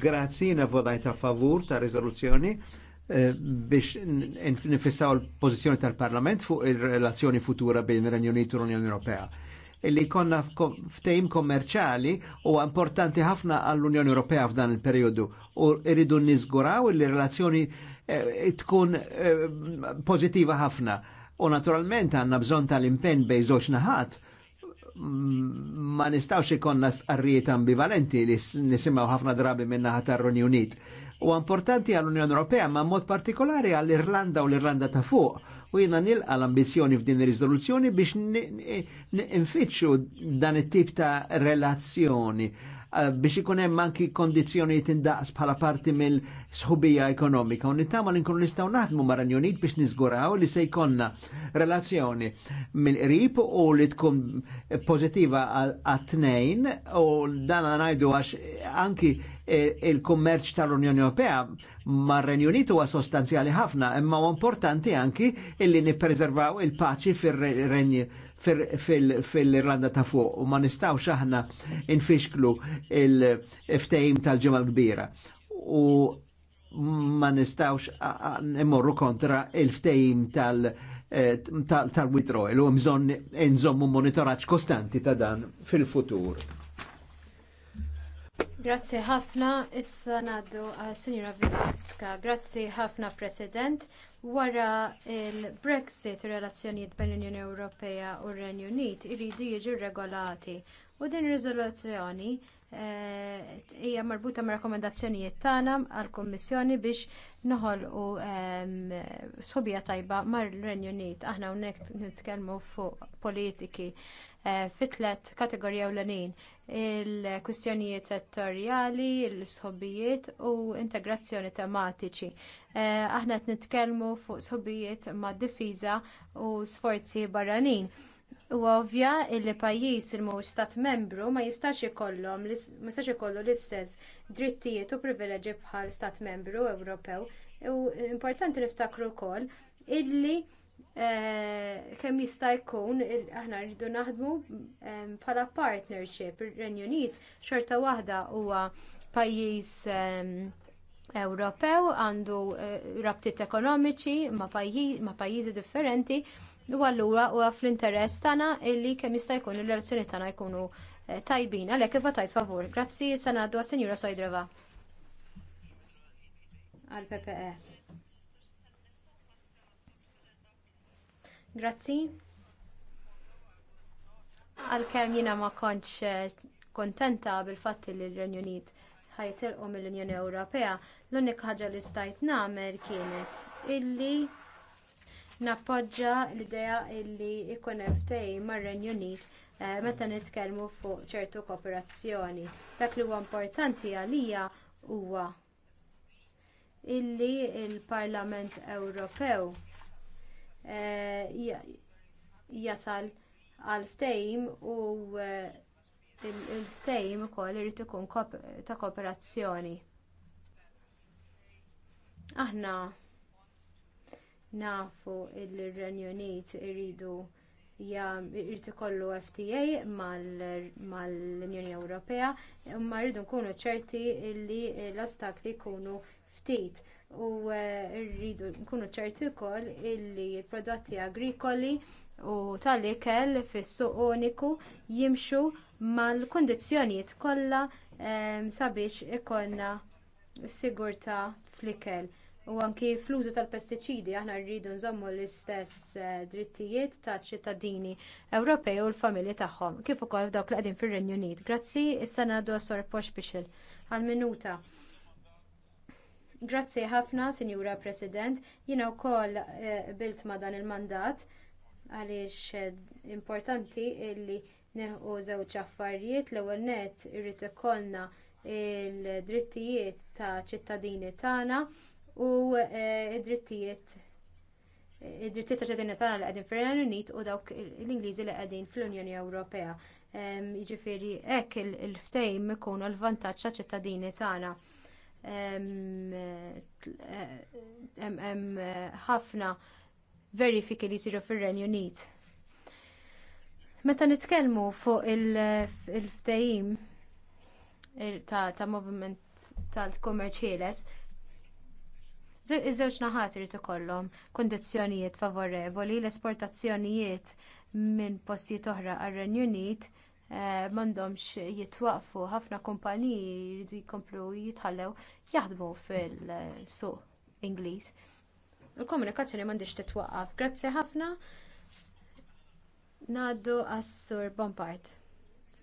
S2: Grazie, jina vodajt a favur ta' rezoluzzjoni eh, biex nifissaw l-pozizjoni tal-Parlament fuq il-relazzjoni futura bejn il-Renju u l-Unjoni Ewropea Illi konna ftejim kommerċali u importanti ħafna għall-Unjoni Ewropea f'dan il-periodu u rridu nizguraw li relazzjoni eh, tkun eh, pozittiva ħafna. U naturalment għanna bżon tal-impenn bej żewġ naħat ma nistawx ikonna arrijiet ambivalenti li nisimgħu ħafna drabi minn minna tar Unit u importanti għall-Unjoni Ewropea ma' mod partikolari għall-Irlanda u l-Irlanda ta' fuq. U jina nil l-ambizjoni f'din ir-riżoluzzjoni biex n dan it-tip ta' relazzjoni Eh, biex ikun hemm anki kondizzjonijiet indaqs bħala parti mill-sħubija ekonomika. U nittama li nkunu nistgħu naħdmu mar biex niżguraw li se jkollna relazzjoni mill-qrib u li tkun pożittiva għat-tnejn u dan ngħidu għax anki il-kummerċ tal-Unjoni Ewropea mar-Renju Unit huwa sostanzjali ħafna, imma importanti anki illi nippreservaw il-paċi fir-Renju fil-Irlanda ta' fuq u ma nistawx aħna nfixklu il-ftejim tal-ġemal kbira. U ma nistawx immorru kontra il-ftejim tal il eh, u mżon nżommu monitoraċ kostanti ta' dan fil-futur.
S3: Grazzi ħafna, issa naddu għal Sinjura Vizovska. Grazzi ħafna, President. Wara l brexit ir relazzjonijiet bejn l-Unjoni Ewropea u r-Renju Unit iridu jiġu regolati u din ir-riżoluzzjoni Eh, hija marbuta ma' rakkomandazzjonijiet tagħna għall-Kummissjoni biex noħolqu ehm, sobija tajba mar-Renju Unit. Aħna hawnhekk nitkellmu fuq politiki eh, fitlet kategorija ewlenin il-kwistjonijiet settorjali, il-sħobijiet u integrazzjoni tematiċi. Eh, aħna qed nitkellmu fuq sħobijiet mad difiża u sforzi barranin. U ovvja li pajjiż il mhuwiex stat membru ma jistax ikollhom ma jistax ikollu l-istess drittijiet u privileġġi bħal stat membru Ewropew. U importanti niftakru wkoll illi eh, kemm jista' jkun aħna rridu naħdmu eh, bħala partnership ir-Renju Unit xorta waħda huwa pajjiż eh, Ewropew għandu rabtiet ekonomiċi ma' pajjiżi differenti U allura huwa fl-interess tagħna illi kemm jista' jkun il-relazzjoni tagħna jkunu eh, tajbin. Għalhekk għatajt favur. Grazzi sanadu għas senjura sojdrava. Għal PPE. Grazzi. Għalkemm jiena ma kontx eh, kontenta bil fat li l-Renju Unit ħajtilqu mill-Unjoni Ewropea, l-unika ħaġa li stajt nagħmel kienet illi nappoġġa l-idea illi jkun hemm ftehim mar-Renju Unit eh, meta nitkellmu fuq ċertu kooperazzjoni. Dak li huwa importanti għalija huwa illi l il parlament Ewropew eh, jasal għal ftehim u eh, il-ftejm ukoll irid ikun ta' kooperazzjoni. Aħna nafu il-Renju Unit iridu irrid ikollu FTA mal-Unjoni Ewropea, imma rridu nkunu ċerti li l-ostakli jkunu ftit u eh, rridu nkunu ċerti wkoll illi l-prodotti agrikoli u tal-ikel fis-suq uniku jimxu mal-kundizzjonijiet kollha ehm, sabiex ikollna sigurtà fl-ikel u anki fl-użu tal-pestiċidi aħna rridu nżommu l-istess eh, drittijiet taċ ċittadini Ewropej u l-familji tagħhom kif ukoll dawk li qegħdin fir-Renju Unit. Grazzi, issa ngħadu sor Poxbixil għal-minuta. Grazzi ħafna, Sinjura President, jiena wkoll eh, bilt ma' dan il-mandat għaliex eh, importanti illi neħu żewġ affarijiet l-ewwel nett irrid ikollna l drittijiet ta' ċittadini tagħna u eh, id-drittijiet id-drittijiet ta' ċedinja tagħna li qegħdin fir-Renju Unit u dawk l-Ingliżi li qegħdin fl-Unjoni Ewropea. Jiġifieri hekk il-ftehim ikunu l-vantaġġ ta' ċittadini tagħna. Hemm eh, ħafna verifiki li jsiru fir-Renju Unit. Meta nitkellmu fuq il-ftehim ta' moviment tal-kummerċ ħieles, Iż-żewġ naħat irid ikollhom kondizzjonijiet favorevoli l-esportazzjonijiet minn postijiet oħra għar-Renju Unit eh, m'għandhomx jitwaqfu ħafna kumpaniji jridu jkomplu jitħallew jaħdmu fil-suq Ingliż. Il-komunikazzjoni m'għandix titwaqqaf. Grazzi ħafna. Ngħaddu għas-Sur Bompart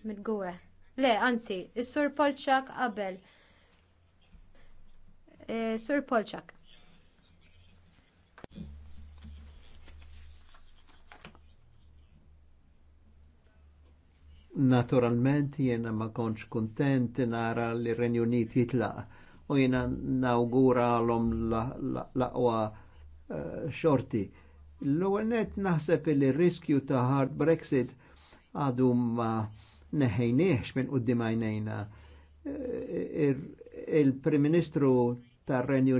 S3: mill-Gwe. Le, anzi, is-Sur Polċak qabel. Eh, Sur Polċak.
S2: Naturalment jiena ma konċ kontent nara li Renju Unit jitlaq u jiena nawgura l-om laqwa eh, xorti. l għonet naħseb li riskju ta' hard Brexit għadu ma neħejniex minn qudiem għajnejna. Eh, Il-Prim Ministru tar-Renju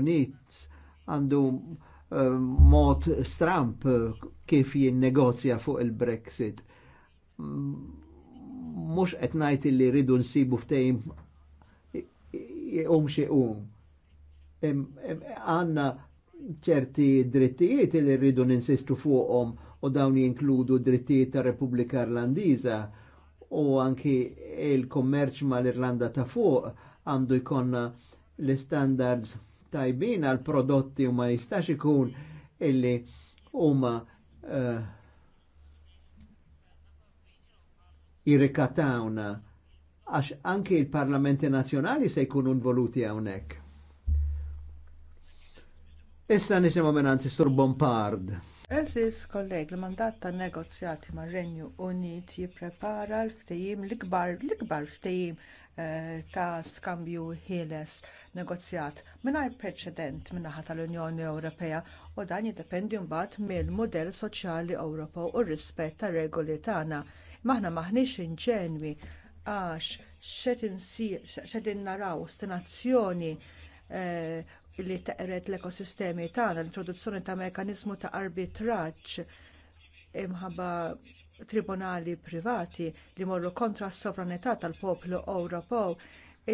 S2: għandu eh, mod stramp kif jinnegozja fuq il-Brexit mux etnajt li rridu nsibu ftejn jgħum xiequm. Għanna ċerti drittijiet li rridu ninsistu fuqhom u dawni jinkludu drittijiet ta' Repubblika Irlandiża u anki il-kommerċ mal-Irlanda ta' fuq għandu jkonna l-standards tajbin għal prodotti u ma jistax ikun illi huma uh, jirrikatawna għax anki il-parlamenti nazjonali se jkunu involuti hawnhekk. Issa nisimgħu minn Sur Bompard.
S1: Eżis kolleg, l-mandat ta' negozjati ma' Renju Unit jipprepara l-ftejim, l-ikbar, l-ikbar ftejim eh, ta' skambju ħieles negozjat mingħajr preċedent min-naħa tal-Unjoni Ewropea u dan jidependi mbagħad mill modell soċjali Ewropew u r-rispett tar regoli tagħna. Maħna maħniex inġenwi għax xedin naraw stinazzjoni eh, li teqret l-ekosistemi tagħna l-introduzzjoni ta' mekanizmu ta' arbitraġġ imħabba tribunali privati li morru kontra s-sovranità tal-poplu Ewropew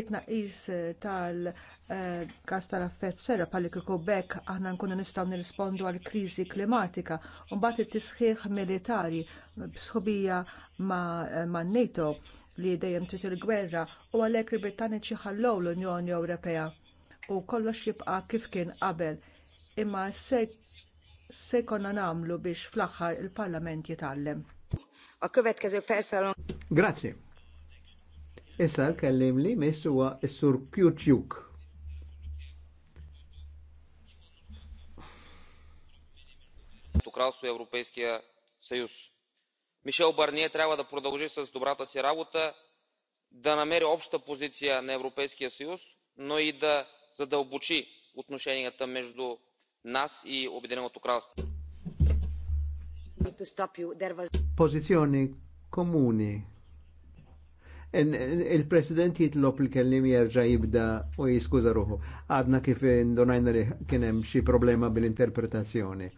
S1: it-naqis tal kas eh, tal-affett serra pali kiku bekk aħna nkunu nistgħu nirrispondu għall kriżi klimatika u mbagħad it-tisħiħ militari b'sħubija ma', ma NATO li dejjem trid il-gwerra u għalhekk il-Britanniċi ħallew l-Unjoni Ewropea u kollox jibqa' kif kien qabel. Imma se se konna namlu biex fl-aħħar il-Parlament jitgħallem. Grazzi.
S2: Grazie. Issa kellim li miss huwa s-sur Kjutjuk.
S4: Укралство Европейския Sejus мишел барние трябва да продължи с добрата си работа да намери обща позиция на европейския съюз но и да задълбочи отношенията между нас и обединеното кралство.
S2: Pożizzjoni komuni. Il-President jitlop li kellim jerġa' jibda u jiskuza ruħu. Għadna kif indonajna li kienem xie problema bil-interpretazzjoni.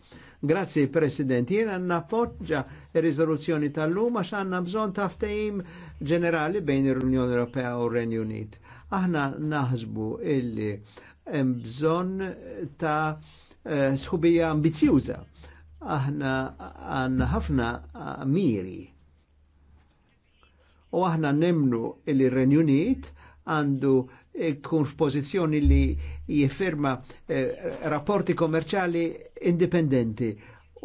S2: Grazzi President, jena nappoġġa il-rizoluzzjoni tal-lum għax għanna bżon taftejim ġenerali bejn il unjoni Ewropea u renju Unit. Aħna naħsbu illi bżon ta' eh, sħubija ambizjuża. Aħna għanna ħafna miri. U aħna nemnu illi r-Renju Unit għandu kun f'pożizzjoni li jifferma eh, rapporti kommerċali indipendenti.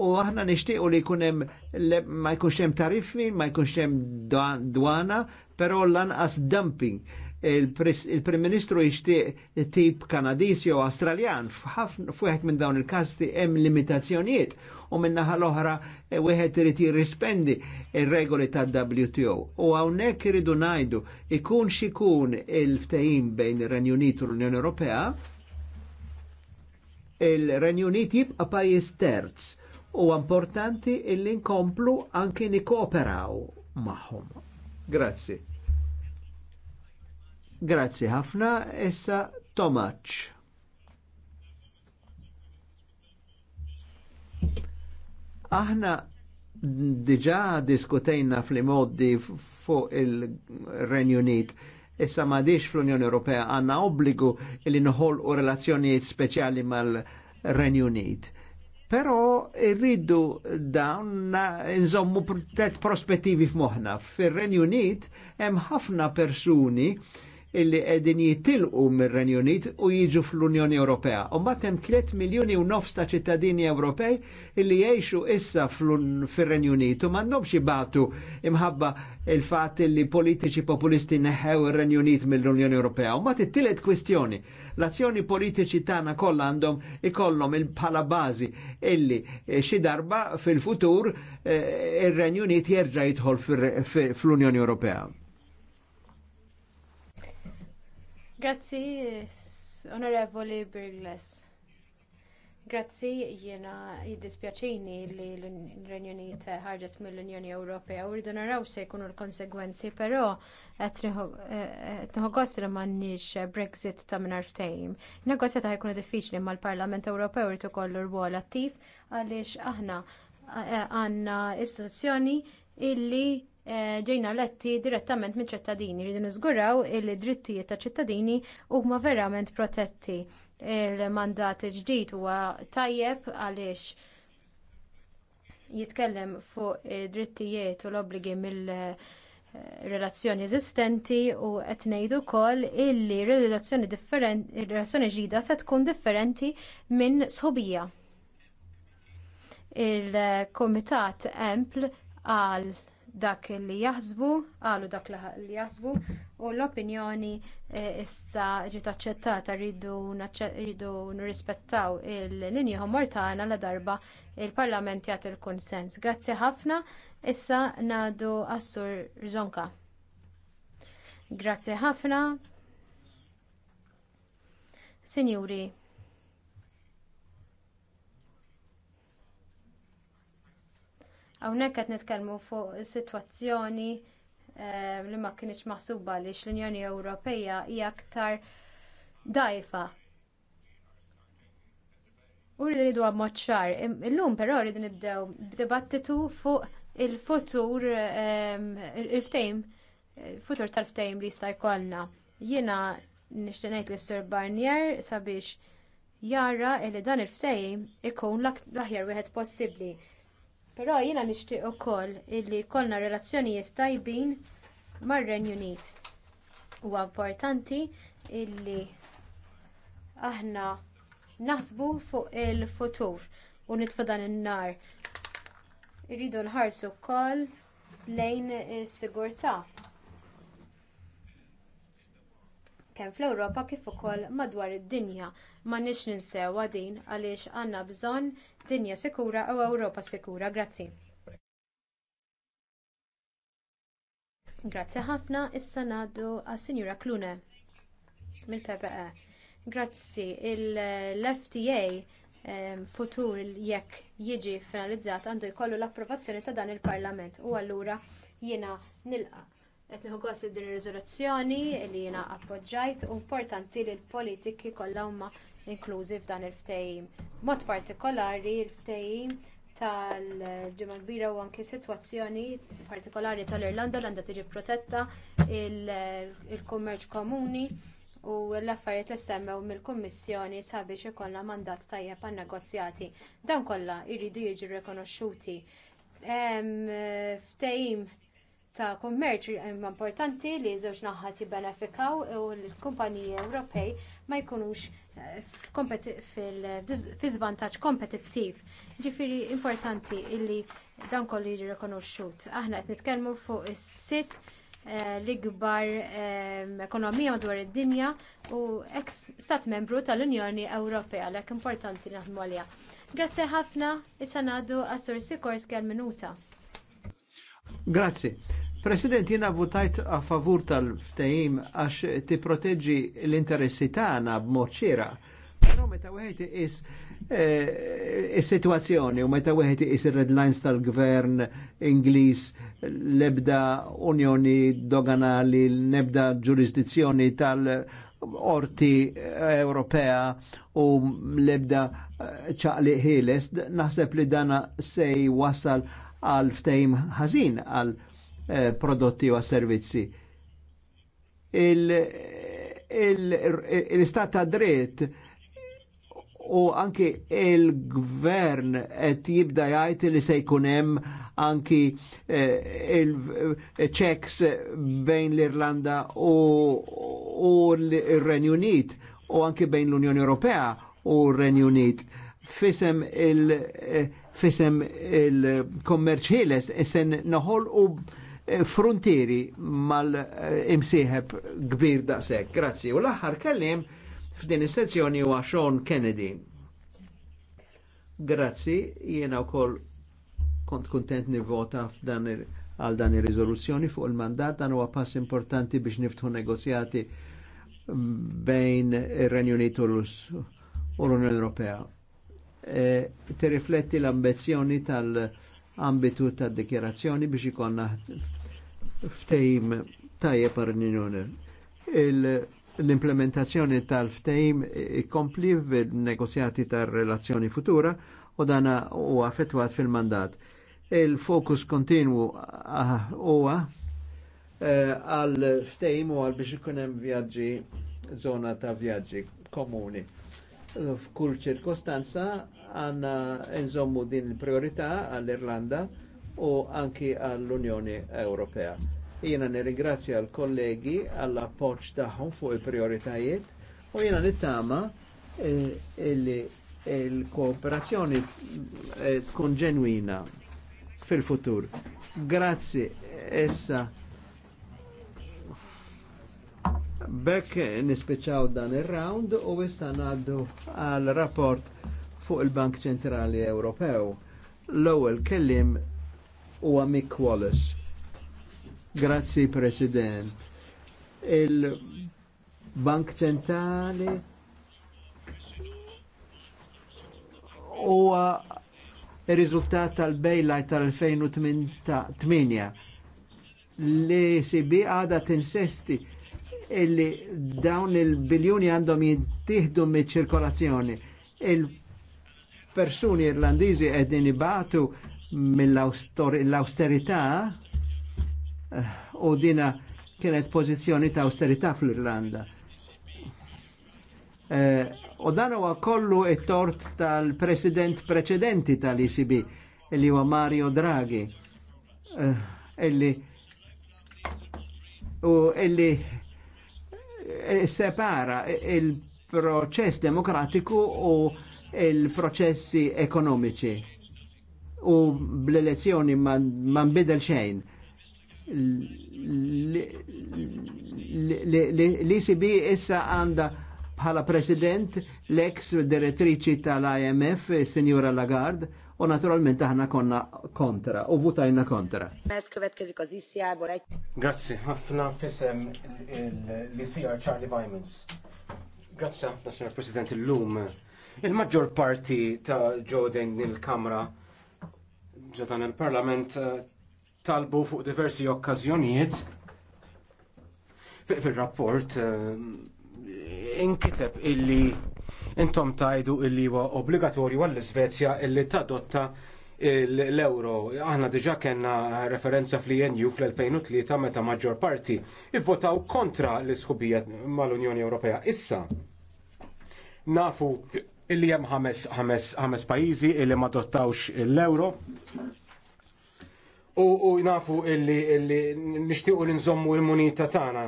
S2: U aħna u li jkun hemm ma jkunx hemm tariffi, ma jkunx hemm dwana, però lanqas dumping. Il-Prim Ministru jixtieq tip Kanadis jew Australjan f'wieħed minn dawn il-kasti hemm limitazzjonijiet u minnaħa l-oħra e, wieħed irid jirrispendi ir-regoli tad-WTO. U hawnhekk iridu ngħidu ikun xikun il-ftehim bejn ir-Renju Unit u l-Unjoni Ewropea, il-Renju Unit jibqa' pajjiż terz u importanti illi nkomplu anke nikkooperaw magħhom. Grazzi. Grazzi ħafna, issa Tomaċ. Aħna diġa diskutejna fl-modi fuq il-Renju Unit issa m'għadix fl-Unjoni Ewropea għandna obbligu li u relazzjonijiet speċjali mal ren Unit. Però irridu dawn nżommu tet prospettivi f'moħna. Fir-Renju Unit hemm ħafna persuni illi qegħdin jitilqu mir-Renju Unit u jiġu fl-Unjoni Ewropea. U mbagħad hemm 3 miljuni u nofs ta' ċittadini Ewropej illi jgħixu issa fir-Renju Unit u m'għandhomx jibatu imħabba il fat illi politiċi populisti neħew ir-Renju Unit mill-Unjoni Ewropea. U mbagħad it-tielet kwistjoni. L-azzjoni politiċi tagħna kollha għandhom ikollhom il-bħala bażi illi eh, xi darba fil-futur eh, ir-Renju Unit jerġa' jidħol fl-Unjoni Ewropea.
S3: Grazzi, onorevoli Birgles. Grazzi, jiena jiddispjaċini li l-Renju ħarġet mill-Unjoni Ewropea u rridu naraw se jkunu l-konsegwenzi, però qed nħogost li m'għandniex Brexit ta' mingħajr ftehim. Negozjat ħajkunu diffiċli mal-Parlament Ewropew irid kollu rwol attiv għaliex aħna għandna istituzzjoni illi Eh, ġejna letti direttament minn ċittadini li niżguraw il-drittijiet ta' ċittadini huma verament protetti. Il-mandat ġdid huwa tajjeb għaliex jitkellem fuq drittijiet u l-obbligi mill- relazzjoni eżistenti u qed ngħidu wkoll illi relazzjoni differenti relazzjoni ġdida se tkun differenti minn sħubija. Il-Kumitat Emp għal dak li jaħsbu, qalu dak li jaħsbu, u l-opinjoni eh, issa ġiet aċċettata rridu nirrispettaw il-linji tagħna la darba l parlament jagħti l kunsens Grazzi ħafna, issa ngħadu għas-Sur Zonka. Grazzi ħafna. Sinjuri, Hawnhekk qed nitkellmu fuq sitwazzjoni eh, li ma kinitx maħsuba li l-Unjoni Ewropea hija aktar dajfa. U rridu nidu għabmoċċar. ċar. Illum però rridu nibdew b'dibattitu fuq il-futur ehm, il-ftejm, il-futur tal-ftejm li jista' jkollna. Jiena nixtieq ngħid lis sur Barnier sabiex jara li dan il-ftejm ikun l-aħjar wieħed possibbli. Però jiena nixtieq ukoll illi jkollna relazzjonijiet tajbin mar-Renju Unit. Huwa importanti illi aħna naħsbu fuq il-futur u nitfa' dan in-nar. Irridu nħarsu wkoll lejn is-sigurtà kemm fl-Ewropa kif ukoll madwar id-dinja. M'għandniex ninsew din għaliex għandna bżonn dinja sikura u Ewropa sikura. Grazzi. Grazzi ħafna issa ngħaddu għas-Sinjura Klune mill-PPE. Grazzi l-FTA ehm, futur jekk jiġi finalizzat għandu jkollu l-approvazzjoni ta' dan il-Parlament u allura jiena nilqa' qed għas id din ir-riżoluzzjoni li jiena appoġġajt u importanti li l-politiki kollha huma inklużi f'dan il-ftehim. Mod partikolari l ftejim tal-ġimgħa kbira u anki sitwazzjoni partikolari tal-Irlanda l-għandha tiġi protetta il-kummerċ komuni u l-affarijiet li semmew mill-Kummissjoni sabiex ikollna mandat tajjeb għan negozjati. Dan kollha jridu jiġu rikonoxxuti. Ftejim ta' kummerċ imma importanti li żewġ naħat jibbenefikaw u l-kumpaniji Ewropej ma jkunux eh, fi żvantaġġ kompetittiv. Ġifieri importanti li dan kollu jiġi rikonoxxut. Aħna qed nitkellmu fuq is-sitt eh, l-ikbar ehm, ekonomija madwar id-dinja u ex stat membru tal-Unjoni Ewropea għalhekk importanti naħdmu għaliha. Grazzi ħafna, issa ngħaddu għas-Sur Sikorski għal-minuta.
S2: Grazzi. President, jina votajt a favur tal-ftajim għax ti proteġi l-interessi tagħna b'moċira. Però meta wieħed is eh, is-sitwazzjoni u meta wieħed is red lines tal-gvern Ingliż l-ebda unjoni doganali, l-ebda ġurisdizzjoni tal- orti eh, Ewropea u lebda eh, ċaqli ħieles, naħseb li dana sej wasal għal ftejm ħażin għal Eh, prodotti u servizzi. Il-istat ta' dritt u anki il-gvern et jibda jajt li se jkunem hemm anki eh, il-checks eh, bejn l-Irlanda u l-Renju Unit u anki bejn l-Unjoni Ewropea u l renju Unit fisem il- fisem il-kommerċ ħieles, isen noħol u frontieri mal-imsieħeb kbir daqshekk. Grazzi. U l-aħħar kellim f'din is-sezzjoni huwa Sean Kennedy. Grazzi, jiena wkoll kont kontent nivvota f'dan għal dan ir-riżoluzzjoni fuq il-mandat dan huwa pass importanti biex niftħu negozjati bejn ir-Renju Unit u l-Unjoni Ewropea. E, Tirrifletti l-ambizzjoni tal-ambitu tad-dikjerazzjoni biex ikonna ftejm tajjeb par l L-implementazzjoni tal-ftejm ikompli bil-negozjati tal-relazzjoni futura u dana u għafetwat fil-mandat. Il-fokus kontinwu ah, huwa eh, għal-ftejm u għal biex ikunem vjaġġi, zona ta' vjaġġi komuni. F'kull ċirkostanza għanna nżommu din il-priorità għall-Irlanda u anki għall-Unjoni Ewropea. Jiena nirringrazzja l-kollegi għall appoġġ tagħhom fuq il-prioritajiet u jiena nittama eh, illi il-kooperazzjoni eh, tkun ġenwina fil-futur. Grazzi, essa Bekk nispiċaw dan il-round u issa naddu għal rapport fuq il-Bank Ċentrali Ewropew. L-ewwel kellim huwa Mick Wallace. Grazzi President. Il-Bank Ċentrali huwa ir-riżultat tal bejlaj tal-2008 li sibi għada tinsesti illi dawn il-biljoni għandhom jittihdu mit ċirkolazzjoni. Il-persuni irlandizi għedin ibatu mill-austerità eh, u dina kienet pozizjoni ta' austerità fl-Irlanda. Eh, u dan huwa kollu it-tort tal-president preċedenti tal-ECB illi huwa Mario Draghi eh, illi u illi separa il-proċess demokratiku u il-proċessi ekonomiċi u bl-elezzjoni ma nbidel xejn. L-ECB issa għanda bħala president l-ex direttriċi tal-IMF, Signora Lagarde, u naturalment aħna konna kontra, u votajna kontra.
S3: Grazzi,
S4: ħafna fissem l-ICR Charlie Vimans. Grazie ħafna, Signor President, l-lum. Il-maġġor parti ta' ġodeng il kamra ġetan il-Parlament eh, talbu fuq diversi okkazjonijiet fil-rapport eh, inkiteb illi intom tajdu illi huwa obbligatorju għall-Svezja illi tadotta l-euro. Aħna diġa kena referenza fl inu fl-2003 meta maġġor parti ivvotaw kontra l-isħubijiet mal-Unjoni Ewropea. Issa, nafu illi jem ħames pajjiżi illi ma adottawx l-euro. U, u nafu illi, illi nixtiequ li nżommu l-munita tagħna.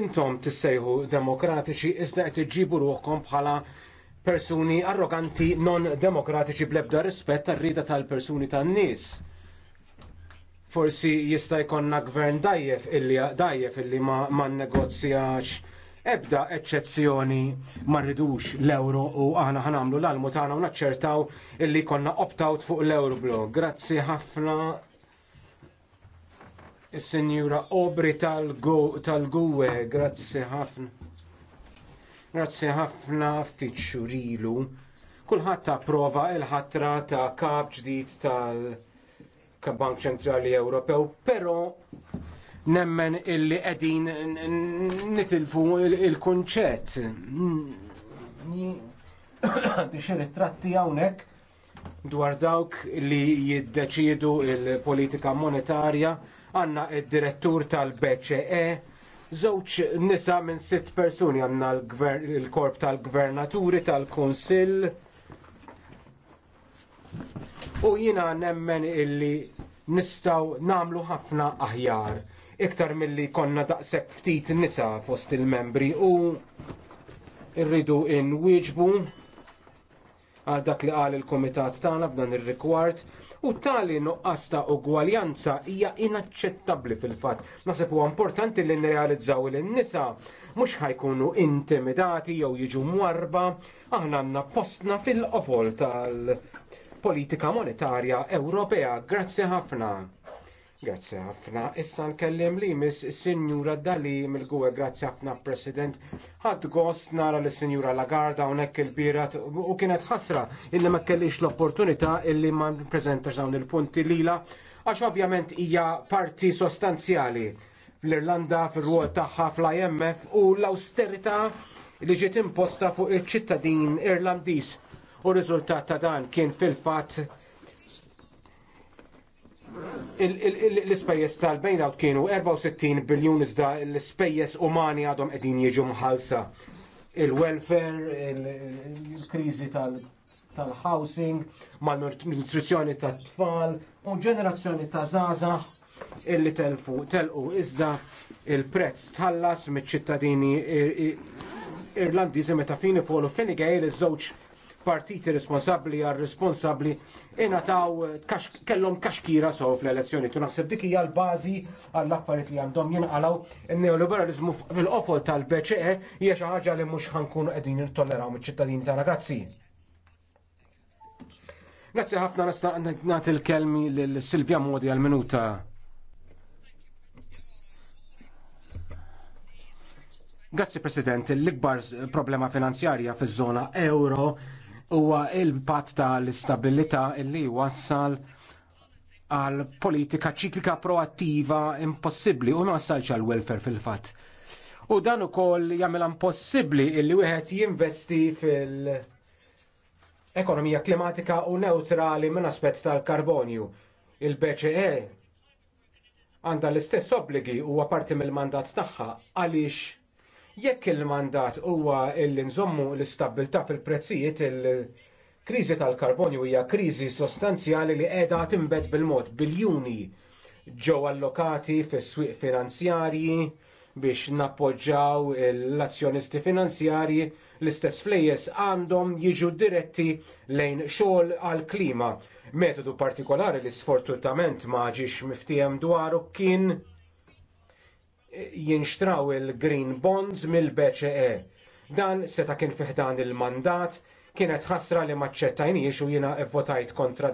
S4: Intom tissejħu demokratiċi iżda qed iġibu ruħkom bħala persuni arroganti non demokratiċi blebda rispett tar-rida tal-persuni tan-nies forsi jista' jkollna gvern dajjef illi dajjef illi ma, ma negozjax ebda eċċezzjoni ma rridux l-euro u aħna ħanamlu l-almu tagħna u naċċertaw illi konna opt-out fuq l-Euroblog. Grazzi ħafna is-Sinjura Obri tal guwe grazzi ħafna. Grazzi ħafna ftit xurilu. Kulħadd ta' prova il-ħatra ta' kap ġdid tal-Bank Ċentrali Ewropew, però nemmen illi qegħdin nitilfu il-kunċett. <coughs> Biex ritratti hawnhekk dwar dawk li jiddeċiedu il-politika monetarja għandna id-direttur tal-BCE Żewġ nisa minn sitt persuni għandna l-korp tal-gvernaturi tal-konsil. U jina nemmen illi nistaw namlu ħafna aħjar iktar milli konna daqshekk ftit nisa fost il-membri u rridu in wieġbu għal dak li qal il-komitat tagħna f'dan ir-rikward u tali nuqqas ta' ugwaljanza hija inaċċettabbli fil-fatt. Naħseb huwa importanti li nirrealizzaw li n-nisa mhux ħajkunu intimidati jew jiġu mwarba aħna għandna postna fil-qofol tal-politika monetarja Ewropea. Grazzi ħafna. Grazzi ħafna. Issa nkellem li mis Sinjura Dali mill-Gwe, grazzi ħafna President. Ħadd gost nara li Sinjura Lagarda hawnhekk il-birat u kienet ħasra illi ma kellix l-opportunità illi ma nippreżentax dawn il-punti lila għax ovvjament hija parti sostanzjali l-Irlanda fir-rwol tagħha fl-IMF u l-austerità li ġiet imposta fuq iċ-ċittadin Irlandiż. U r riżultat ta' dan kien fil-fatt l-ispejjeż tal-bejnout kienu 64 biljun iżda l-ispejjeż umani għadhom qegħdin jiġu mħalsa. Il-welfare, il-kriżi tal-housing, mal-nutrizzjoni tat-tfal u ġenerazzjoni ta' zaza illi telfu telqu iżda il-prezz tħallas miċ-ċittadini Irlandiżi meta fini folu fini għajl iż-żewġ partiti responsabbli għal responsabbli taw kellhom kaxkira sew fl-elezzjoni. Tu naħseb dik hija l-bażi għall affarijiet li għandhom jinqalgħu il neoliberalizmu fil-qofol tal-BCE hija xi ħaġa li mhux ħankunu qegħdin nittolleraw miċ-ċittadini tagħna. Grazzi. Grazzi ħafna nista' nagħti l-kelmi lil Silvja Modi għal-minuta. Grazzi President, l-ikbar problema finanzjarja fiż-żona euro huwa il-patt tal-istabilità li wassal għal politika ċiklika proattiva impossibbli u nwassalx għal welfare fil-fatt. U dan ukoll jagħmilha impossibbli li wieħed jinvesti fil- ekonomija klimatika u neutrali minn aspett tal-karbonju. Il-BCE għandha l-istess obbligi huwa parti mill-mandat tagħha għaliex Jekk il-mandat huwa l nżommu l-istabilta fil-prezzijiet il-kriżi tal-karbonju hija kriżi sostanzjali li qiegħda timbed bil-mod biljuni ġew allokati fis-swieq finanzjarji biex nappoġġjaw l-azzjonisti finanzjarji l-istess flejjes għandhom jiġu diretti lejn xogħol għal klima. Metodu partikolari li sfortunatament ma ġiex miftiem dwaru kien jinxtraw il-green bonds mill-BCE. Dan seta kien fiħdan il-mandat, kienet ħasra li maċċettajniex u jiena votajt kontra